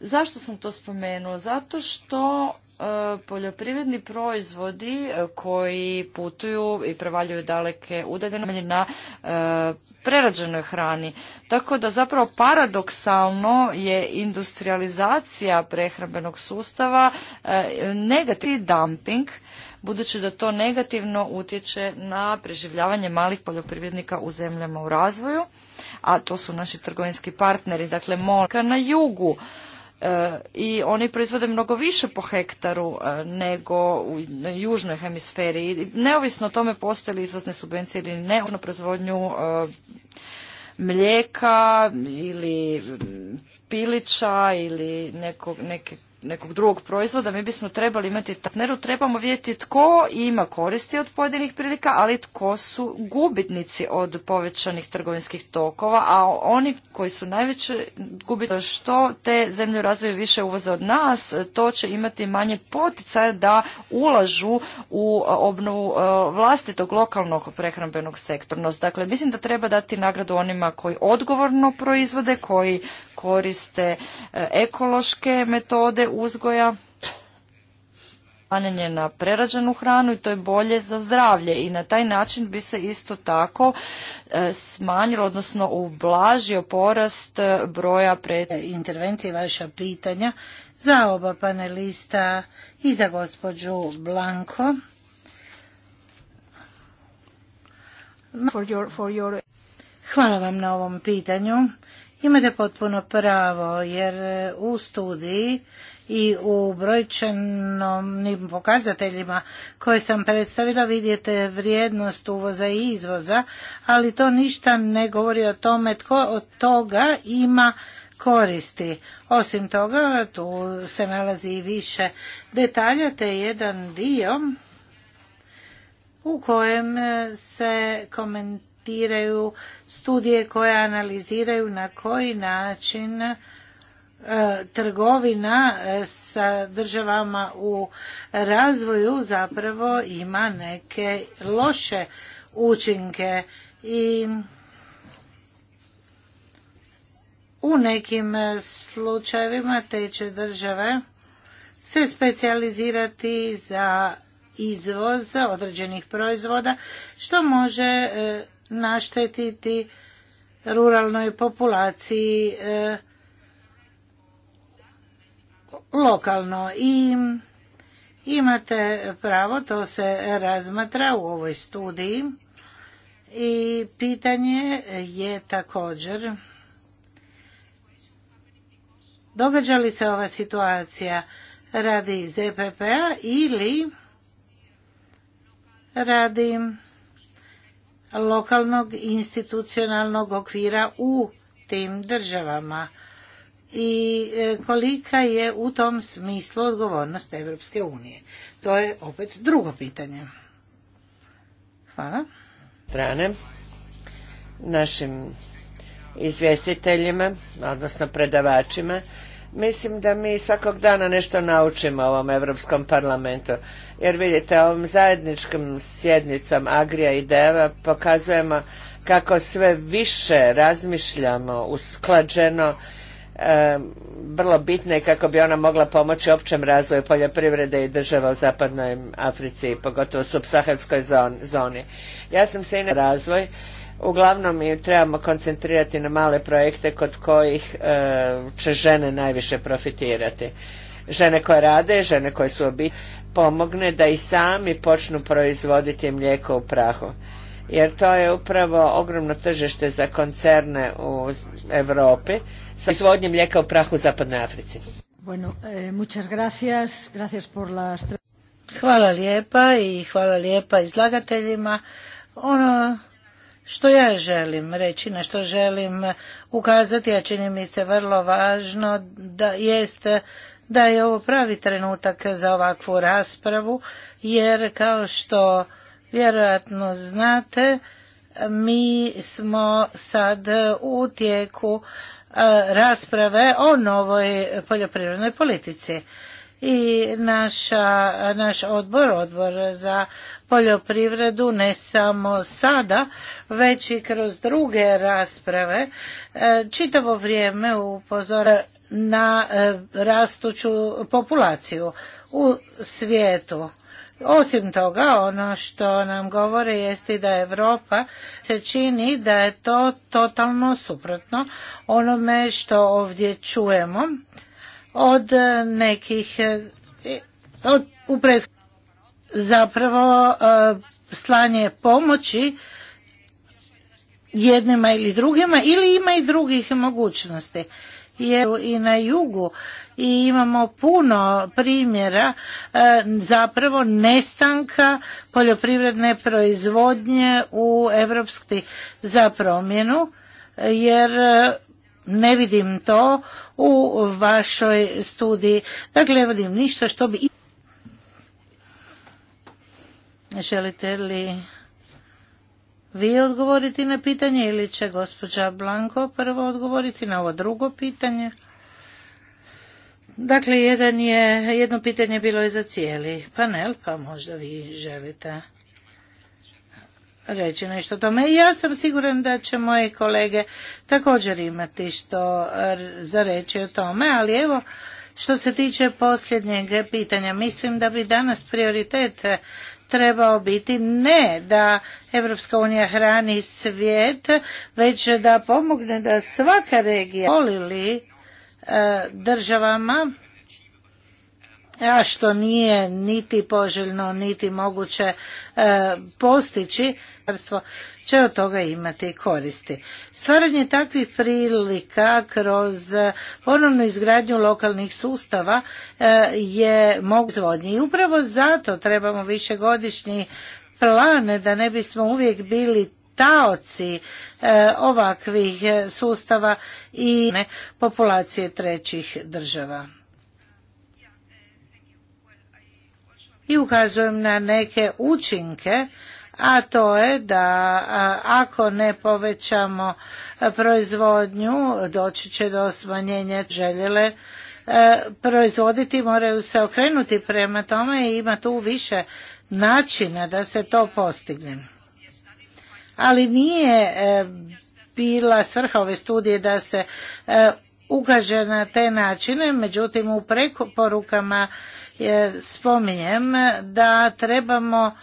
Zašto sam to spomenuo? Zato što e, poljoprivredni proizvodi e, koji putuju i prevaljuju daleke udaljene na e, prerađenoj hrani. Tako da zapravo paradoksalno je industrializacija prehrambenog sustava negativni dumping budući da to negativno utječe na preživljavanje malih poljoprivrednika u zemljama u razvoju, a to su naši trgovinski partneri, dakle Molka na jugu E, i oni proizvode mnogo više po hektaru e, nego u južnoj hemisferi. Neovisno o tome postoje li izvozne subvencije ili ne, na proizvodnju e, mlijeka ili pilića ili nekog, neke nekog drugog proizvoda, mi bismo trebali imati partneru, trebamo vidjeti tko ima koristi od pojedinih prilika, ali tko su gubitnici od povećanih trgovinskih tokova, a oni koji su najveće gubitnici što te zemlje razvoju više uvoze od nas, to će imati manje poticaja da ulažu u obnovu e, vlastitog lokalnog prehrambenog sektornost. Dakle, mislim da treba dati nagradu onima koji odgovorno proizvode, koji koriste e, ekološke metode, uzgoja hranjenje na prerađenu hranu i to je bolje za zdravlje i na taj način bi se isto tako e, smanjilo, odnosno ublažio porast e, broja pred... Intervencije vaša pitanja za oba panelista i za gospođu Blanko. Hvala vam na ovom pitanju. Imate potpuno pravo jer e, u studiji i u brojčanim pokazateljima koje sam predstavila vidite vrijednost uvoza i izvoza, ali to ništa ne govori o tome tko od toga ima koristi. Osim toga, tu se nalazi i više detalja, te jedan dio u kojem se komentiraju studije koje analiziraju na koji način E, trgovina e, sa državama u razvoju zapravo ima neke loše učinke i u nekim e, slučajevima te će države se specijalizirati za izvoz određenih proizvoda što može naštetiti ruralnoj populaciji lokalno i imate pravo, to se razmatra u ovoj studiji i pitanje je također događa li se ova situacija radi ZPP-a ili radi lokalnog institucionalnog okvira u tim državama i e, kolika je u tom smislu odgovornost Europske unije. To je opet drugo pitanje. Hvala. Strane našim izvjestiteljima, odnosno predavačima. Mislim da mi svakog dana nešto naučimo ovom Europskom parlamentu. Jer vidite, ovom zajedničkom sjednicom Agrija i Deva pokazujemo kako sve više razmišljamo usklađeno vrlo bitne kako bi ona mogla pomoći općem razvoju poljoprivrede i država u zapadnoj Africi, pogotovo u subsaharskoj zoni. Ja sam se i na razvoj, uglavnom trebamo koncentrirati na male projekte kod kojih e, će žene najviše profitirati. Žene koje rade, žene koje su obitelji, pomogne da i sami počnu proizvoditi mlijeko u prahu jer to je upravo ogromno tržište za koncerne u Europi sa mlijeka u prahu u Zapadnoj Africi. Eh, hvala lijepa i hvala lijepa izlagateljima. Ono što ja želim reći, na što želim ukazati, a čini mi se vrlo važno, da jest da je ovo pravi trenutak za ovakvu raspravu, jer kao što vjerojatno znate, mi smo sad u tijeku E, rasprave o novoj poljoprivrednoj politici i naša, naš odbor, odbor za poljoprivredu ne samo sada, već i kroz druge rasprave e, čitavo vrijeme upozora na e, rastuću populaciju u svijetu. Osim toga, ono što nam govore jeste da Europa se čini da je to totalno suprotno onome što ovdje čujemo od nekih e, od, zapravo e, slanje pomoći jednima ili drugima ili ima i drugih mogućnosti jer i na jugu i imamo puno primjera e, zapravo nestanka poljoprivredne proizvodnje u Europski za promjenu jer e, ne vidim to u vašoj studiji. Dakle, ne vidim ništa što bi... Želite li vi odgovoriti na pitanje ili će gospođa Blanko prvo odgovoriti na ovo drugo pitanje? Dakle, jedan je, jedno pitanje bilo je za cijeli panel, pa možda vi želite reći nešto o tome. I ja sam siguran da će moje kolege također imati što za reći o tome, ali evo, što se tiče posljednjeg pitanja, mislim da bi danas prioritet trebao biti ne da Evropska unija hrani svijet, već da pomogne da svaka regija volili e, državama a što nije niti poželjno niti moguće e, postići će od toga imati koristi. Stvaranje takvih prilika kroz ponovnu izgradnju lokalnih sustava e, je mog zvodnji i upravo zato trebamo višegodišnji plan da ne bismo uvijek bili taoci e, ovakvih sustava i populacije trećih država. i ukazujem na neke učinke a to je da ako ne povećamo proizvodnju doći će do smanjenja željele proizvoditi moraju se okrenuti prema tome i ima tu više načina da se to postigne. Ali nije e, bila svrha ove studije da se e, ukaže na te načine, međutim u preporukama spominjem da trebamo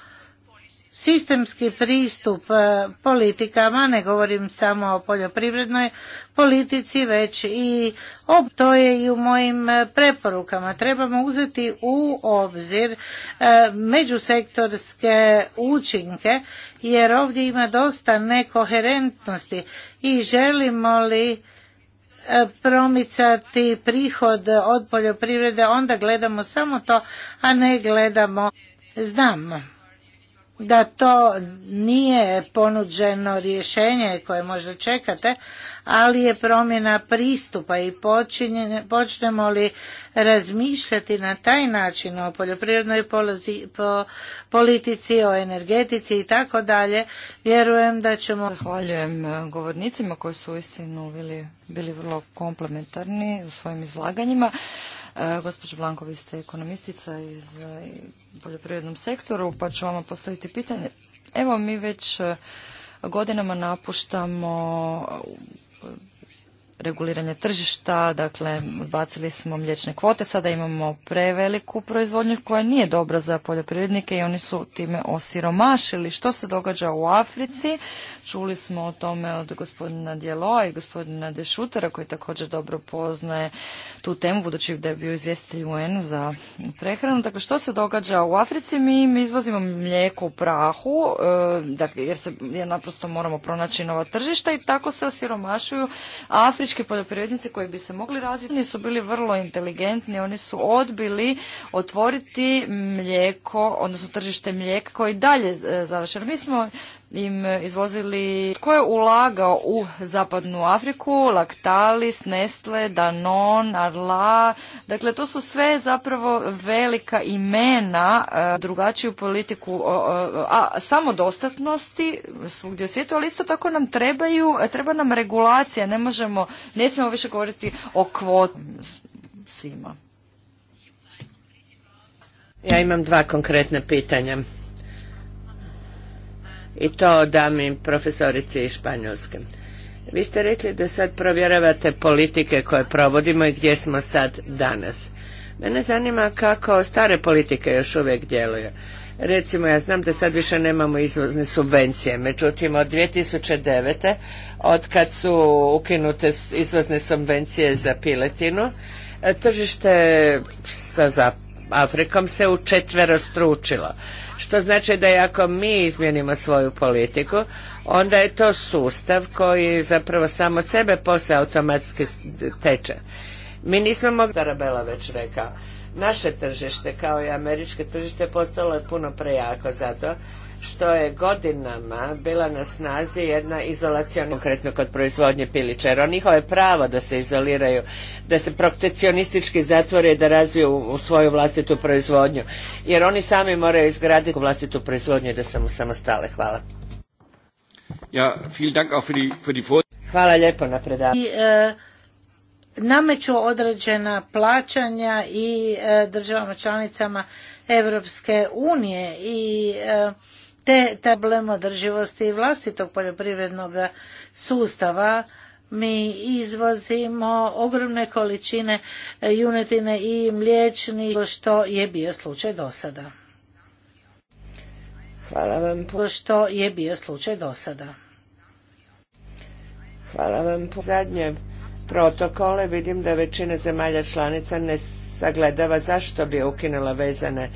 sistemski pristup e, politikama, ne govorim samo o poljoprivrednoj politici, već i ob, to je i u mojim e, preporukama. Trebamo uzeti u obzir e, međusektorske učinke, jer ovdje ima dosta nekoherentnosti i želimo li promicati prihod od poljoprivrede, onda gledamo samo to, a ne gledamo znam da to nije ponuđeno rješenje koje možda čekate, ali je promjena pristupa i počnemo li razmišljati na taj način o poljoprivrednoj politici, o energetici i tako dalje, vjerujem da ćemo... Zahvaljujem e, govornicima koji su uistinu bili, bili vrlo komplementarni u svojim izlaganjima. E, gospođo Blanko, vi ste ekonomistica iz e, poljoprivrednom sektoru, pa ću vama postaviti pitanje. Evo mi već e, godinama napuštamo reguliranje tržišta, dakle odbacili smo mliječne kvote, sada imamo preveliku proizvodnju koja nije dobra za poljoprivrednike i oni su time osiromašili. Što se događa u Africi? Čuli smo o tome od gospodina Djeloa i gospodina Dešutera koji također dobro poznaje tu temu, budući da je bio izvjestitelj UN-u za prehranu. Dakle, što se događa u Africi? Mi, izvozimo mlijeko u prahu, e, dakle, jer, se, naprosto moramo pronaći nova tržišta i tako se osiromašuju afri afrički poljoprivrednici koji bi se mogli razviti su bili vrlo inteligentni, oni su odbili otvoriti mlijeko, odnosno tržište mlijeka i dalje e, završeno. Mi smo im e, izvozili, tko je ulagao u zapadnu Afriku, Lactalis, Nestle, Danon, Arla, dakle to su sve zapravo velika imena, e, drugačiju politiku, a samodostatnosti svugdje u svijetu, ali isto tako nam trebaju, e, treba nam regulacija, ne možemo, ne smijemo više govoriti o kvotu svima. Ja imam dva konkretna pitanja i to dami profesorici iz Španjolske. Vi ste rekli da sad provjeravate politike koje provodimo i gdje smo sad danas. Mene zanima kako stare politike još uvijek djeluju. Recimo, ja znam da sad više nemamo izvozne subvencije, međutim od 2009. od kad su ukinute izvozne subvencije za piletinu, e, tržište sa Afrikom se u stručilo. Što znači da ako mi izmijenimo svoju politiku, onda je to sustav koji zapravo samo od sebe posle automatski teče. Mi nismo mogli, Tarabela već rekao, naše tržište kao i američke tržište postalo je puno prejako zato što je godinama bila na snazi jedna izolacija konkretno kod proizvodnje on Njihovo je pravo da se izoliraju, da se protekcionistički zatvore i da razviju u svoju vlastitu proizvodnju. Jer oni sami moraju izgraditi vlastitu proizvodnju i da sam mu samostale. Hvala. Hvala lijepo na predavanju. E, nameću određena plaćanja i e, državama članicama Evropske unije i e, te tablem održivosti vlastitog poljoprivrednog sustava mi izvozimo ogromne količine e, junetine i mliječnih, što je bio slučaj do sada. Hvala vam. Što je bio slučaj do sada. Hvala vam. zadnje protokole vidim da većina zemalja članica ne sagledava zašto bi ukinula vezane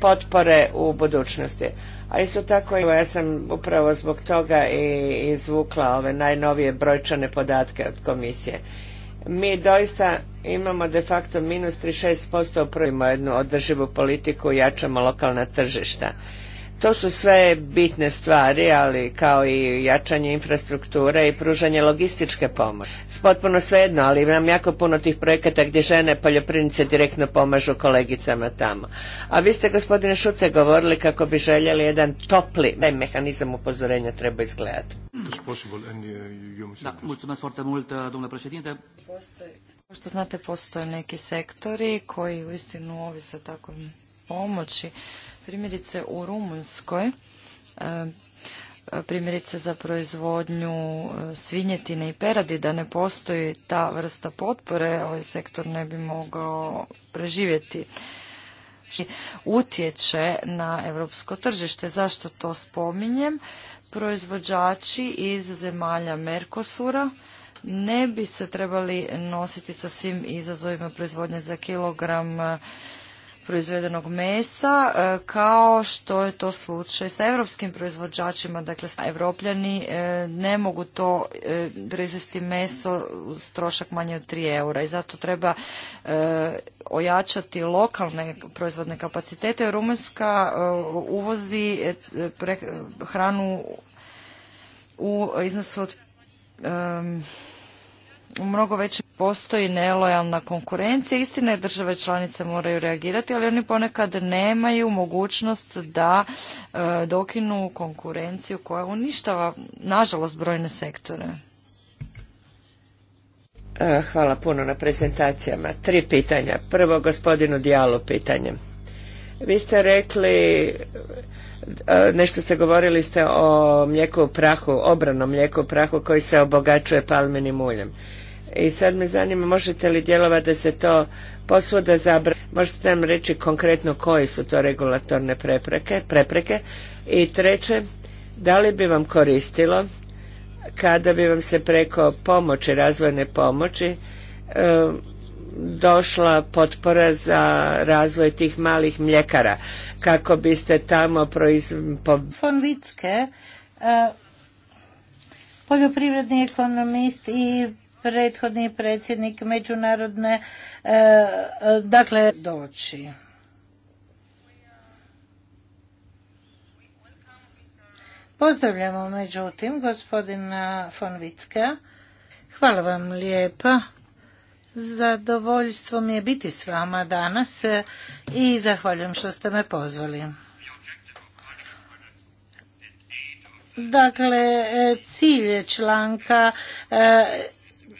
potpore u budućnosti. A isto tako ja sam upravo zbog toga i izvukla ove najnovije brojčane podatke od komisije. Mi doista imamo de facto minus 36% upravimo jednu održivu politiku i jačamo lokalna tržišta. To su sve bitne stvari, ali kao i jačanje infrastrukture i pružanje logističke pomoći potpuno svejedno, ali imam jako puno tih projekata gdje žene poljoprivrednice direktno pomažu kolegicama tamo. A vi ste gospodine Šute govorili kako bi željeli jedan topli, mehanizam upozorenja treba izgledati. Uh, da, mulțumesc foarte uh, što znate, postoje neki sektori koji uistinu ovise o takvom pomoći. Primjerice, u Rumunskoj E, primjerice za proizvodnju e, svinjetine i peradi, da ne postoji ta vrsta potpore, ovaj sektor ne bi mogao preživjeti. Znači, utječe na europsko tržište. Zašto to spominjem? Proizvođači iz zemalja Merkosura ne bi se trebali nositi sa svim izazovima proizvodnje za kilogram proizvedenog mesa e, kao što je to slučaj sa europskim proizvođačima. Dakle, evropljani e, ne mogu to e, proizvesti meso uz trošak manje od 3 eura i zato treba ojačati lokalne proizvodne kapacitete. Rumunjska uvozi hranu u iznosu od mnogo veće postoji nelojalna konkurencija. Istina je države članice moraju reagirati, ali oni ponekad nemaju mogućnost da e, dokinu konkurenciju koja uništava, nažalost, brojne sektore. E, hvala puno na prezentacijama. Tri pitanja. Prvo gospodinu Dijalu pitanje. Vi ste rekli, e, nešto ste govorili ste o mlijeku prahu, obranom mlijeku prahu koji se obogačuje palmenim uljem. I sad me zanima, možete li djelovati da se to posvuda zabrani? Možete nam reći konkretno koje su to regulatorne prepreke? I treće, da li bi vam koristilo kada bi vam se preko pomoći, razvojne pomoći, e, došla potpora za razvoj tih malih mljekara, kako biste tamo proiz... Von e, poljoprivredni ekonomist i prethodni predsjednik međunarodne e, dakle doći. Pozdravljamo međutim gospodina von Vicka. Hvala vam lijepa. Zadovoljstvo mi je biti s vama danas e, i zahvaljujem što ste me pozvali. Dakle, e, cilj članka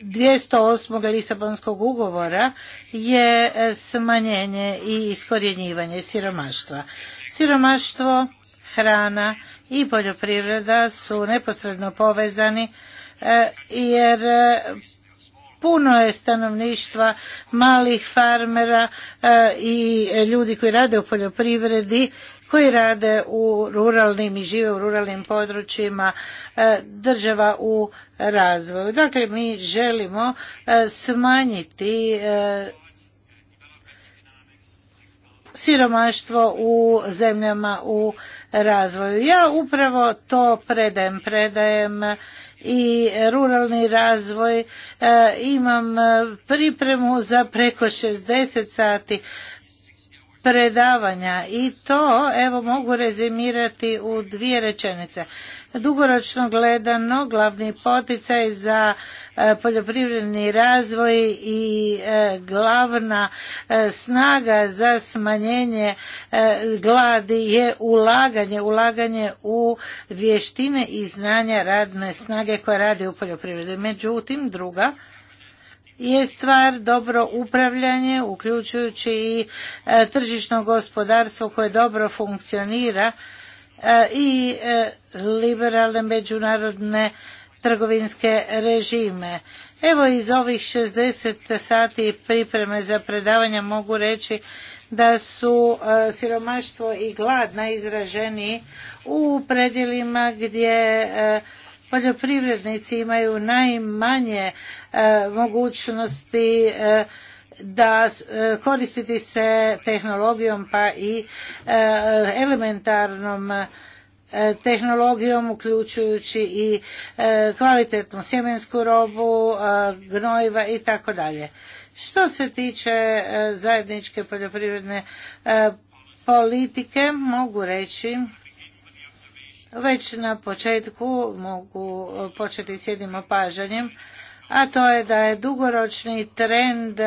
208. Lisabonskog ugovora je e, smanjenje i iskorjenjivanje siromaštva. Siromaštvo, hrana i poljoprivreda su neposredno povezani e, jer e, puno je stanovništva malih farmera i ljudi koji rade u poljoprivredi koji rade u ruralnim i žive u ruralnim područjima e, država u razvoju. Dakle, mi želimo e, smanjiti e, siromaštvo u zemljama u razvoju. Ja upravo to predajem, predajem i ruralni razvoj. Imam pripremu za preko 60 sati predavanja i to evo mogu rezimirati u dvije rečenice. Dugoročno gledano glavni poticaj za e, poljoprivredni razvoj i e, glavna e, snaga za smanjenje gladi je ulaganje, ulaganje u vještine i znanja radne snage koja radi u poljoprivredi. Međutim, druga je stvar dobro upravljanje, uključujući i e, tržišno gospodarstvo koje dobro funkcionira e, i e, liberalne međunarodne trgovinske režime. Evo iz ovih 60 sati pripreme za predavanja mogu reći da su siromaštvo i glad najizraženiji u predjelima gdje poljoprivrednici imaju najmanje e, mogućnosti e, da e, koristiti se tehnologijom pa i elementarnom tehnologijom uključujući i kvalitetnu sjemensku robu, gnojiva i tako dalje. Što se tiče zajedničke poljoprivredne politike mogu reći već na početku mogu e, početi s jednim opažanjem, a to je da je dugoročni trend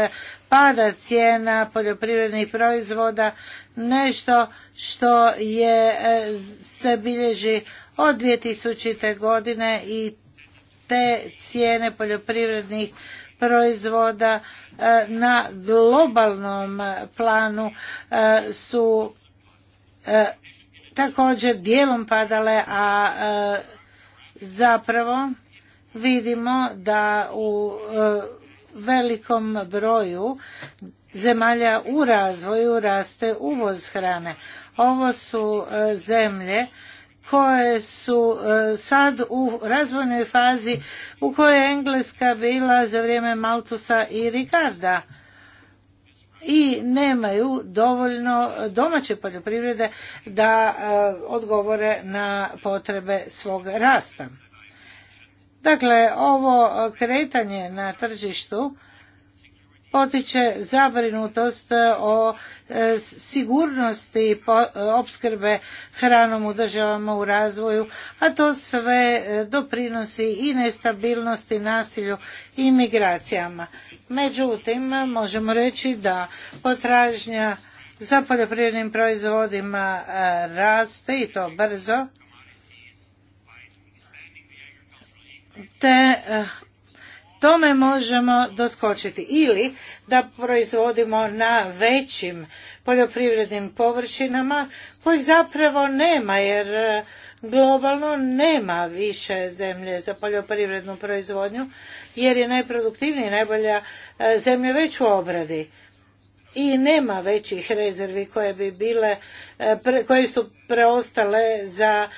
pada cijena poljoprivrednih proizvoda nešto što je e, se bilježi od 2000. godine i te cijene poljoprivrednih proizvoda e, na globalnom planu su također dijelom padale, a e, zapravo vidimo da u e, velikom broju zemalja u razvoju raste uvoz hrane. Ovo su e, zemlje koje su sad u razvojnoj fazi u kojoj je Engleska bila za vrijeme Maltusa i Ricarda i nemaju dovoljno domaće poljoprivrede da e, odgovore na potrebe svog rasta. Dakle, ovo kretanje na tržištu potiče zabrinutost e, o e, sigurnosti e, opskrbe hranom u državama u razvoju, a to sve doprinosi i nestabilnosti, nasilju i migracijama. Međutim, možemo reći da potražnja za poljoprivrednim proizvodima raste i to brzo, te tome možemo doskočiti ili da proizvodimo na većim poljoprivrednim površinama kojih zapravo nema jer e, globalno nema više zemlje za poljoprivrednu proizvodnju jer je najproduktivnija i najbolja e, zemlja već u obradi i nema većih rezervi koje bi bile e, koje su preostale za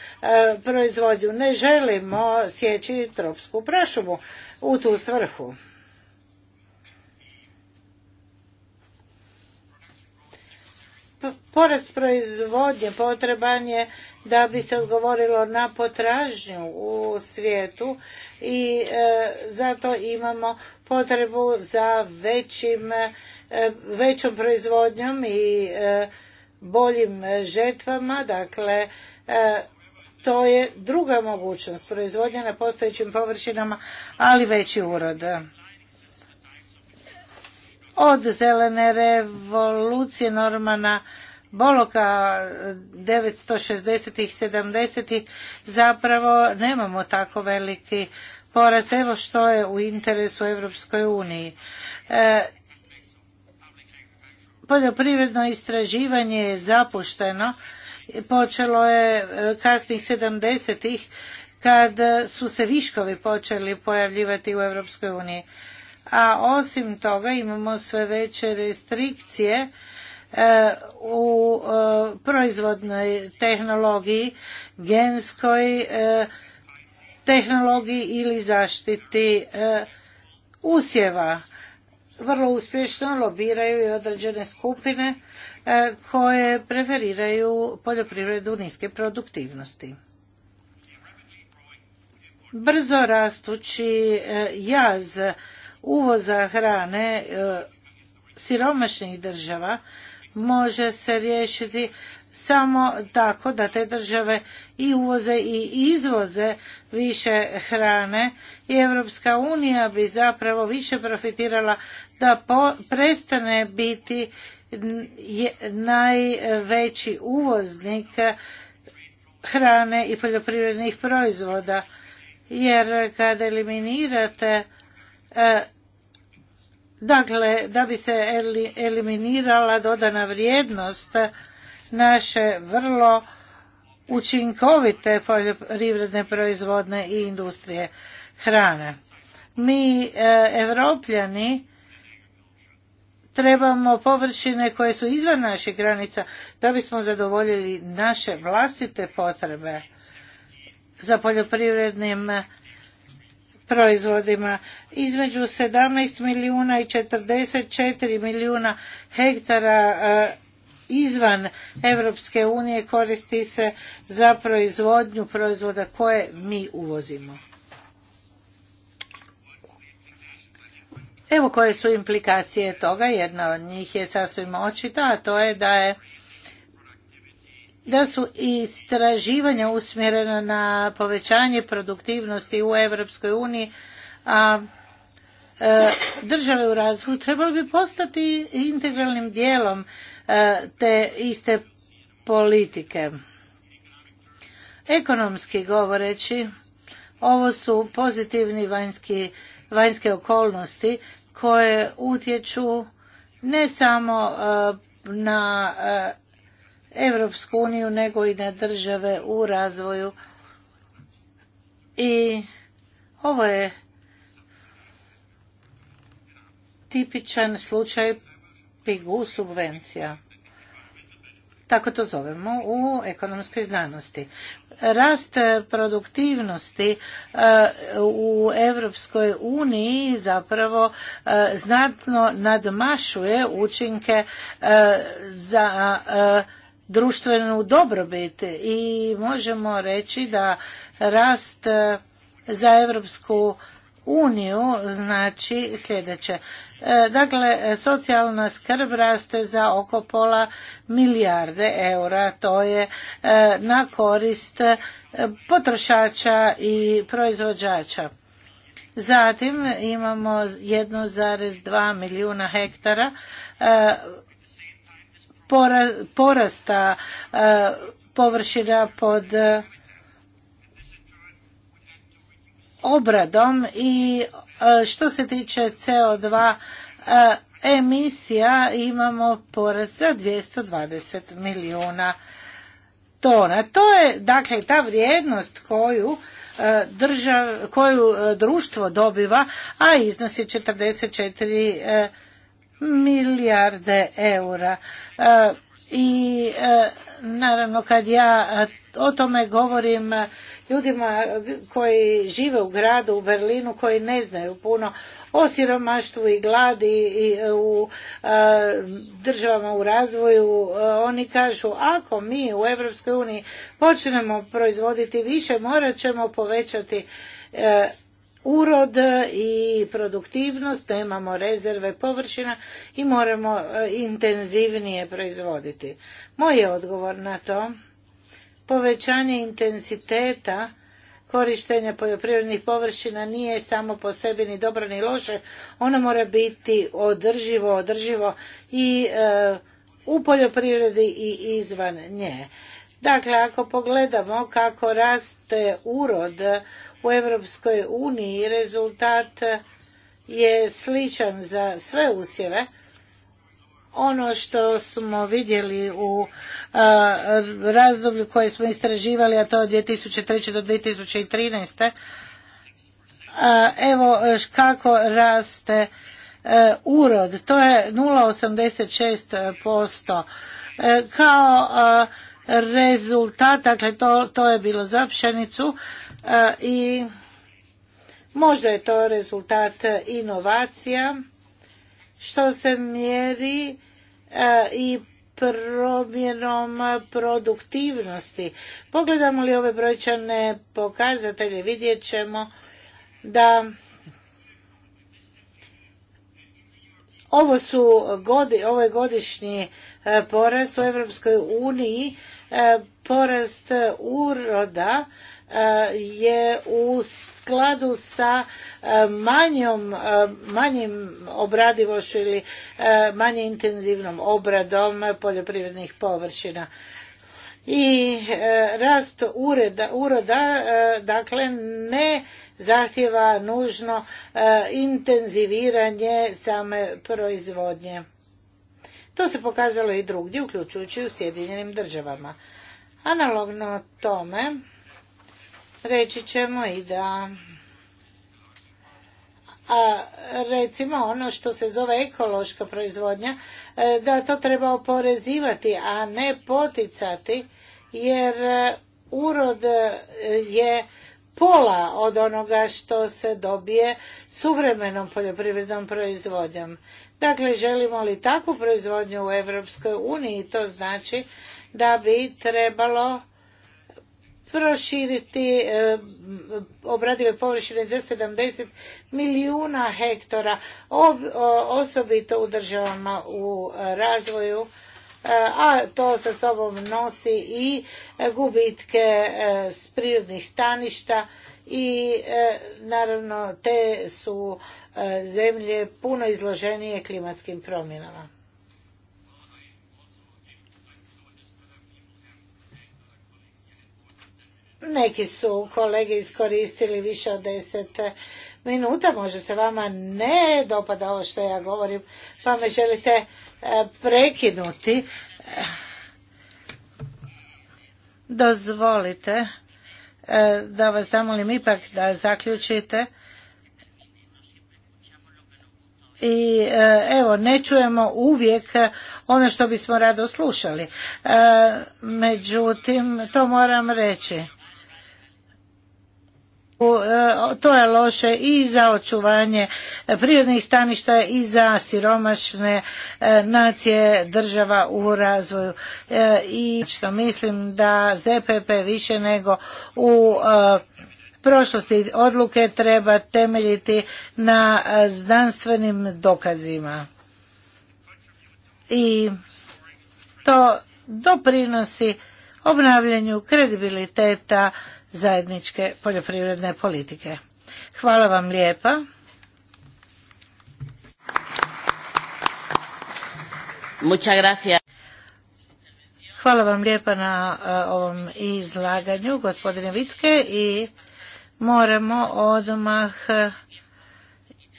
proizvodnju ne želimo sjeći tropsku prašumu u tu svrhu. Porast proizvodnje potreban je da bi se odgovorilo na potražnju u svijetu i e, zato imamo potrebu za e, većom proizvodnjom i e, boljim žetvama, dakle to je druga mogućnost proizvodnja na postojećim površinama, ali veći urod. Od zelene revolucije Normana Boloka 960-ih, 70 zapravo nemamo tako veliki porast. Evo što je u interesu Europskoj uniji. E, poljoprivredno istraživanje je zapušteno počelo je e, kasnih sedamdesetih kad su se viškovi počeli pojavljivati u Europskoj uniji. A osim toga imamo sve veće restrikcije e, u e, proizvodnoj tehnologiji, genskoj tehnologiji ili zaštiti usjeva. Vrlo uspješno lobiraju i određene skupine E, koje preferiraju poljoprivredu niske produktivnosti. Brzo rastući e, jaz uvoza hrane e, siromašnih država može se riješiti samo tako da te države i uvoze i izvoze više hrane i Europska unija bi zapravo više profitirala da prestane biti najveći uvoznik hrane i poljoprivrednih proizvoda jer kada eliminirate e, dakle da bi se eliminirala dodana vrijednost naše vrlo učinkovite poljoprivredne proizvodne i industrije hrane mi e, evropljani, trebamo površine koje su izvan naših granica da bismo zadovoljili naše vlastite potrebe za poljoprivrednim proizvodima. Između 17 milijuna i 44 milijuna hektara e, izvan Europske unije koristi se za proizvodnju proizvoda koje mi uvozimo. Evo koje su implikacije toga, jedna od njih je sasvim očita, a to je da je da su istraživanja usmjerena na povećanje produktivnosti u Europskoj uniji, a e, države u razvoju trebali bi postati integralnim dijelom e, te iste politike. Ekonomski govoreći, ovo su pozitivni vanjski vanjske okolnosti koje utječu ne samo e, na e, Evropsku uniju nego i na države u razvoju. I ovo je tipičan slučaj pigu subvencija. Tako to zovemo u ekonomskoj znanosti. Rast produktivnosti e, u Europskoj uniji zapravo e, znatno nadmašuje učinke e, za društvenu dobrobit i možemo reći da rast za Europsku uniju znači sljedeće E, dakle, socijalna skrb raste za oko pola milijarde eura, to je e, na korist e, potrošača i proizvođača. Zatim imamo 1,2 milijuna hektara porasta površina pod obradom i E, što se tiče CO2 e, emisija imamo porast za 220 milijuna tona. To je dakle ta vrijednost koju e, držav, koju društvo dobiva, a iznos iznosi 44 milijarde eura. I Naravno, kad ja o tome govorim ljudima koji žive u gradu, u Berlinu, koji ne znaju puno o siromaštvu i gladi i u državama u razvoju, oni kažu ako mi u Europskoj uniji počnemo proizvoditi više, morat ćemo povećati e, urod i produktivnost, nemamo rezerve površina i moramo e, intenzivnije proizvoditi. Moj je odgovor na to povećanje intenziteta korištenja poljoprivrednih površina nije samo po sebi ni dobro ni loše, ono mora biti održivo, održivo i e, u poljoprivredi i izvan nje. Dakle, ako pogledamo kako raste urod u Europskoj uniji, rezultat je sličan za sve usjeve. Ono što smo vidjeli u razdoblju koje smo istraživali, a to je od 2003. do 2013. evo kako raste e, urod. To je 0,86%. E, kao rezultat, dakle to, to je bilo za pšenicu e, i možda je to rezultat inovacija što se mjeri e, i promjenom produktivnosti. Pogledamo li ove brojčane pokazatelje, vidjet ćemo da ovo su godi, ovo je godišnji E, porast u Europskoj uniji, e, porast uroda e, je u skladu sa manjom, manjim obradivošću ili manje intenzivnom obradom poljoprivrednih površina. I rast ureda, uroda dakle ne zahtjeva nužno intenziviranje same proizvodnje. To se pokazalo i drugdje, uključujući u Sjedinjenim državama. Analogno tome, reći ćemo i da a recimo ono što se zove ekološka proizvodnja, e, da to treba oporezivati, a ne poticati, jer e, urod e, je pola od onoga što se dobije suvremenom poljoprivrednom proizvodnjom. Dakle, želimo li takvu proizvodnju u Europskoj uniji, to znači da bi trebalo proširiti e, obradive površine za 70 milijuna hektara, osobito u državama u razvoju, e, a to sa sobom nosi i gubitke e, prirodnih staništa i e, naravno te su e, zemlje puno izloženije klimatskim promjenama. Neki su kolege iskoristili više od deset minuta, možda se vama ne dopada ovo što ja govorim, pa me želite e, prekinuti. Dozvolite E, da vas zamolim ipak da zaključite i e, evo ne čujemo uvijek ono što bismo rado slušali. E, međutim, to moram reći. E, to je loše i za očuvanje prirodnih staništa i za siromašne e, nacije država u razvoju. E, I što mislim da ZPP više nego u prošlosti odluke treba temeljiti na znanstvenim dokazima. I to doprinosi obnavljanju kredibiliteta zajedničke poljoprivredne politike. Hvala vam lijepa. Hvala vam lijepa na e, ovom izlaganju, gospodine Vicke, i moramo odmah e,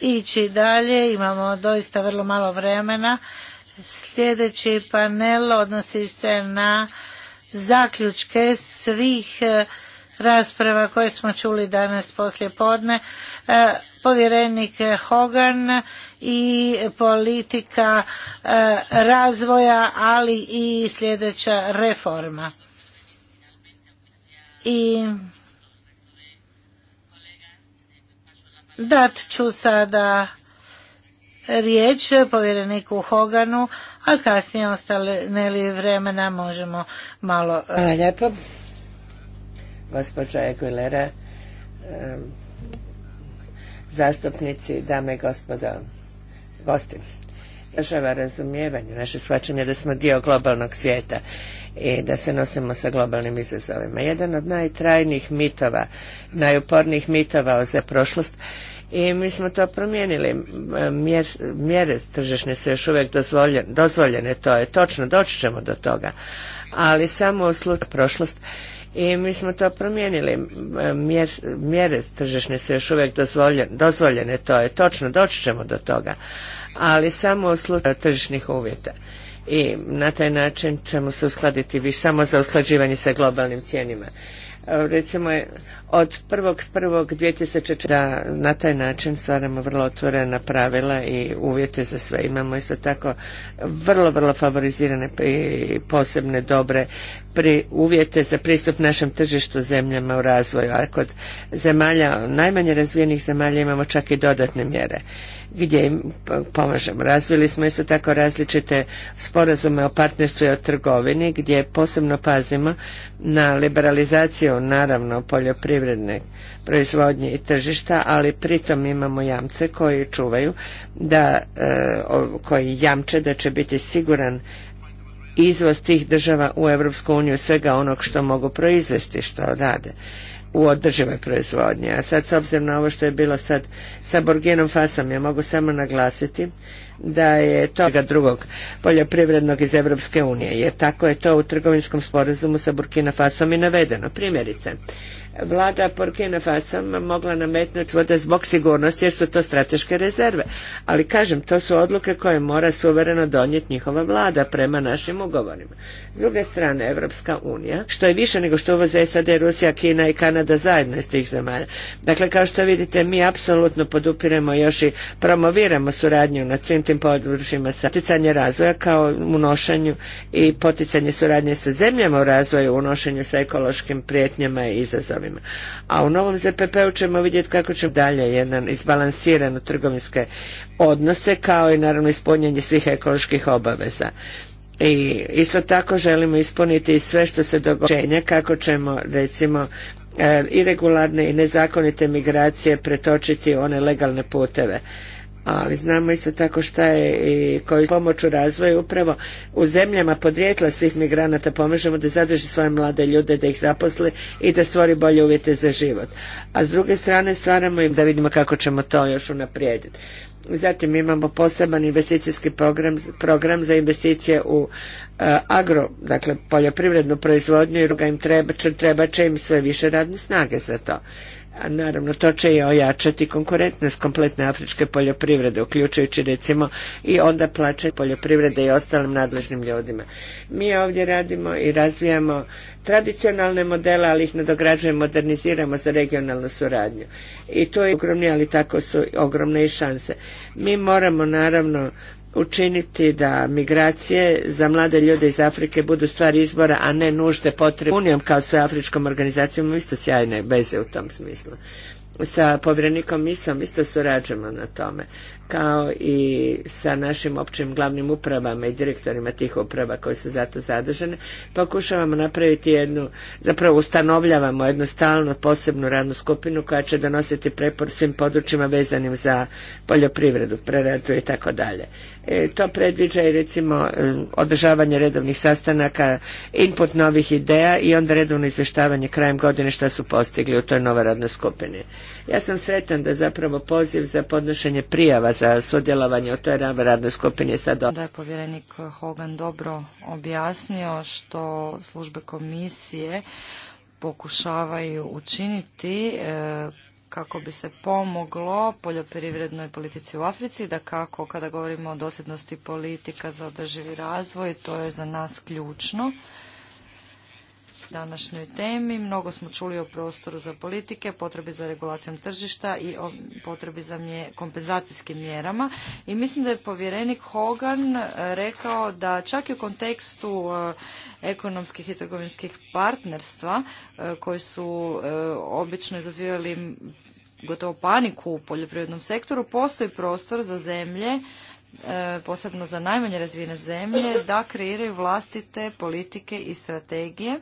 ići dalje. Imamo doista vrlo malo vremena. Sljedeći panel odnosi se na zaključke svih e, rasprava koje smo čuli danas poslije podne. E, povjerenik Hogan i politika e, razvoja, ali i sljedeća reforma. I dat ću sada riječ povjereniku Hoganu, a kasnije ostale li vremena možemo malo... E, Hvala lijepo gospođa Aguilera, e, zastupnici, dame i gospodo, gosti. Država razumijevanja, naše shvaćanje da smo dio globalnog svijeta i da se nosimo sa globalnim izazovima. Jedan od najtrajnijih mitova, najupornijih mitova za prošlost i mi smo to promijenili. mjere tržišne su još uvijek dozvoljene, dozvoljene, to je točno, doći ćemo do toga, ali samo u slučaju prošlost i mi smo to promijenili. mjere tržišne su još uvijek dozvoljene, dozvoljene, to je točno, doći ćemo do toga, ali samo u slučaju tržišnih uvjeta. I na taj način ćemo se uskladiti više samo za usklađivanje sa globalnim cijenima. E, recimo od 1.1.2004. da na taj način stvaramo vrlo otvorena pravila i uvjete za sve. Imamo isto tako vrlo, vrlo favorizirane i posebne dobre pri uvjete za pristup našem tržištu zemljama u razvoju, a kod zemalja, najmanje razvijenih zemalja imamo čak i dodatne mjere gdje im pomažemo. Razvili smo isto tako različite sporazume o partnerstvu i o trgovini gdje posebno pazimo na liberalizaciju naravno poljoprivredne proizvodnje i tržišta, ali pritom imamo jamce koji čuvaju da, e, koji jamče da će biti siguran izvoz tih država u Europsku uniju svega onog što mogu proizvesti, što rade u održivoj proizvodnji. A sad s obzirom na ovo što je bilo sad sa Borginom Fasom, ja mogu samo naglasiti da je toga drugog poljoprivrednog iz Europske unije, jer tako je to u trgovinskom sporazumu sa Burkina Fasom i navedeno. Primjerice, vlada Burkina Faso mogla nametnuti vode zbog sigurnosti jer su to strateške rezerve. Ali kažem, to su odluke koje mora suvereno donijeti njihova vlada prema našim ugovorima. S druge strane, Evropska unija, što je više nego što uvoze SAD, Rusija, Kina i Kanada zajedno iz tih zemalja. Dakle, kao što vidite, mi apsolutno podupiremo još i promoviramo suradnju na svim tim područjima sa poticanje razvoja kao unošenju i poticanje suradnje sa zemljama u razvoju, unošenju sa ekološkim prijetnjama i izazovima. A u novom ZPP-u ćemo vidjeti kako će dalje jedan izbalansirano trgovinske odnose kao i naravno ispunjenje svih ekoloških obaveza. I isto tako želimo ispuniti sve što se događa kako ćemo recimo e, i regularne i nezakonite migracije pretočiti u one legalne puteve ali znamo isto tako šta je i koju pomoć u razvoju upravo u zemljama podrijetla svih migranata pomažemo da zadrži svoje mlade ljude, da ih zaposle i da stvori bolje uvjete za život. A s druge strane stvaramo im da vidimo kako ćemo to još unaprijediti. Zatim imamo poseban investicijski program, program za investicije u e, agro, dakle poljoprivrednu proizvodnju jer ga im treba, treba će im sve više radne snage za to. A naravno, to će i ojačati konkurentnost kompletne afričke poljoprivrede, uključujući recimo i onda plaće poljoprivrede i ostalim nadležnim ljudima. Mi ovdje radimo i razvijamo tradicionalne modele, ali ih nadograđujemo, moderniziramo za regionalnu suradnju. I to je ogromni, ali tako su ogromne i šanse. Mi moramo naravno učiniti da migracije za mlade ljude iz Afrike budu stvar izbora, a ne nužde potrebe. Unijom kao sve afričkom organizacijom isto sjajne veze u tom smislu. Sa povjerenikom Misom isto surađujemo na tome kao i sa našim općim glavnim upravama i direktorima tih uprava koji su zato zadržane, pokušavamo napraviti jednu, zapravo ustanovljavamo jednu stalnu posebnu radnu skupinu koja će donositi prepor svim područjima vezanim za poljoprivredu, preradu i tako dalje. E, to predviđa i recimo održavanje redovnih sastanaka, input novih ideja i onda redovno izvještavanje krajem godine šta su postigli u toj novoj radnoj skupini. Ja sam sretan da zapravo poziv za podnošenje prijava za sudjelovanje u toj radnoj skupini da je povjerenik Hogan dobro objasnio što službe komisije pokušavaju učiniti e, kako bi se pomoglo poljoprivrednoj politici u Africi, da kako kada govorimo o dosljednosti politika za održivi razvoj, to je za nas ključno današnjoj temi. Mnogo smo čuli o prostoru za politike, potrebi za regulacijom tržišta i o potrebi za kompenzacijskim mjerama. I mislim da je povjerenik Hogan eh, rekao da čak i u kontekstu eh, ekonomskih i trgovinskih partnerstva eh, koji su obično izazivali gotovo paniku u poljoprivrednom sektoru, postoji prostor za zemlje posebno za najmanje razvijene zemlje, da kreiraju vlastite politike i strategije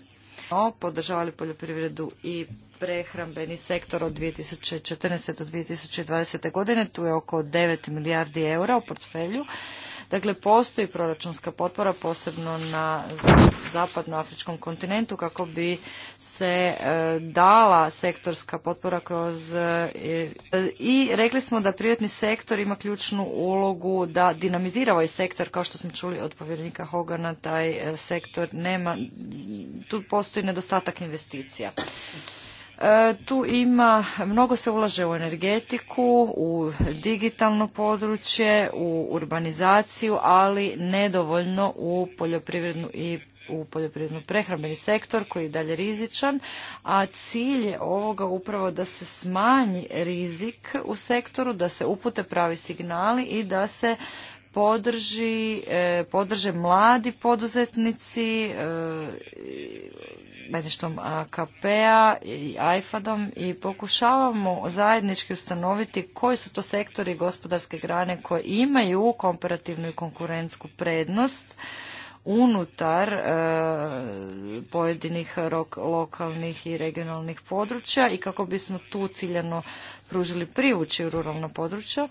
podržavali poljoprivredu i prehrambeni sektor od 2014. do 2020. godine. Tu je oko 9 milijardi eura u portfelju. Dakle, postoji proračunska potpora posebno na zapadnoafričkom kontinentu kako bi se e, dala sektorska potpora kroz e, i rekli smo da privatni sektor ima ključnu ulogu da dinamizira ovaj sektor kao što smo čuli od povjerenika Hogana taj e, sektor nema tu postoji nedostatak investicija. Tu ima, mnogo se ulaže u energetiku, u digitalno područje, u urbanizaciju, ali nedovoljno u poljoprivrednu i u poljoprivredno prehrambeni sektor koji je dalje rizičan, a cilj je ovoga upravo da se smanji rizik u sektoru, da se upute pravi signali i da se e, podrže mladi poduzetnici e, medištom AKP-a i AIFAD-om i pokušavamo zajednički ustanoviti koji su to sektori gospodarske grane koje imaju komparativnu i konkurentsku prednost unutar e, pojedinih rok, lokalnih i regionalnih područja i kako bismo tu ciljano pružili privući u ruralna područja.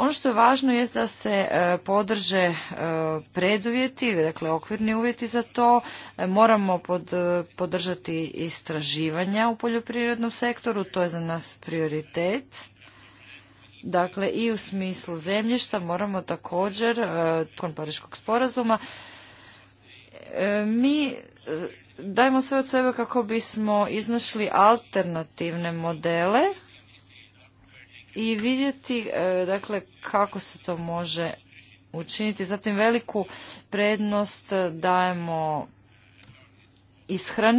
Ono što je važno je da se e, podrže e, preduvjeti, dakle okvirni uvjeti za to. E, moramo podržati istraživanja u poljoprivrednom sektoru, to je za nas prioritet. Dakle, i u smislu zemljišta moramo također, nakon Pariškog sporazuma, mi dajemo sve od sebe kako bismo iznašli alternativne modele i vidjeti e, dakle kako se to može učiniti. Zatim veliku prednost dajemo ishrani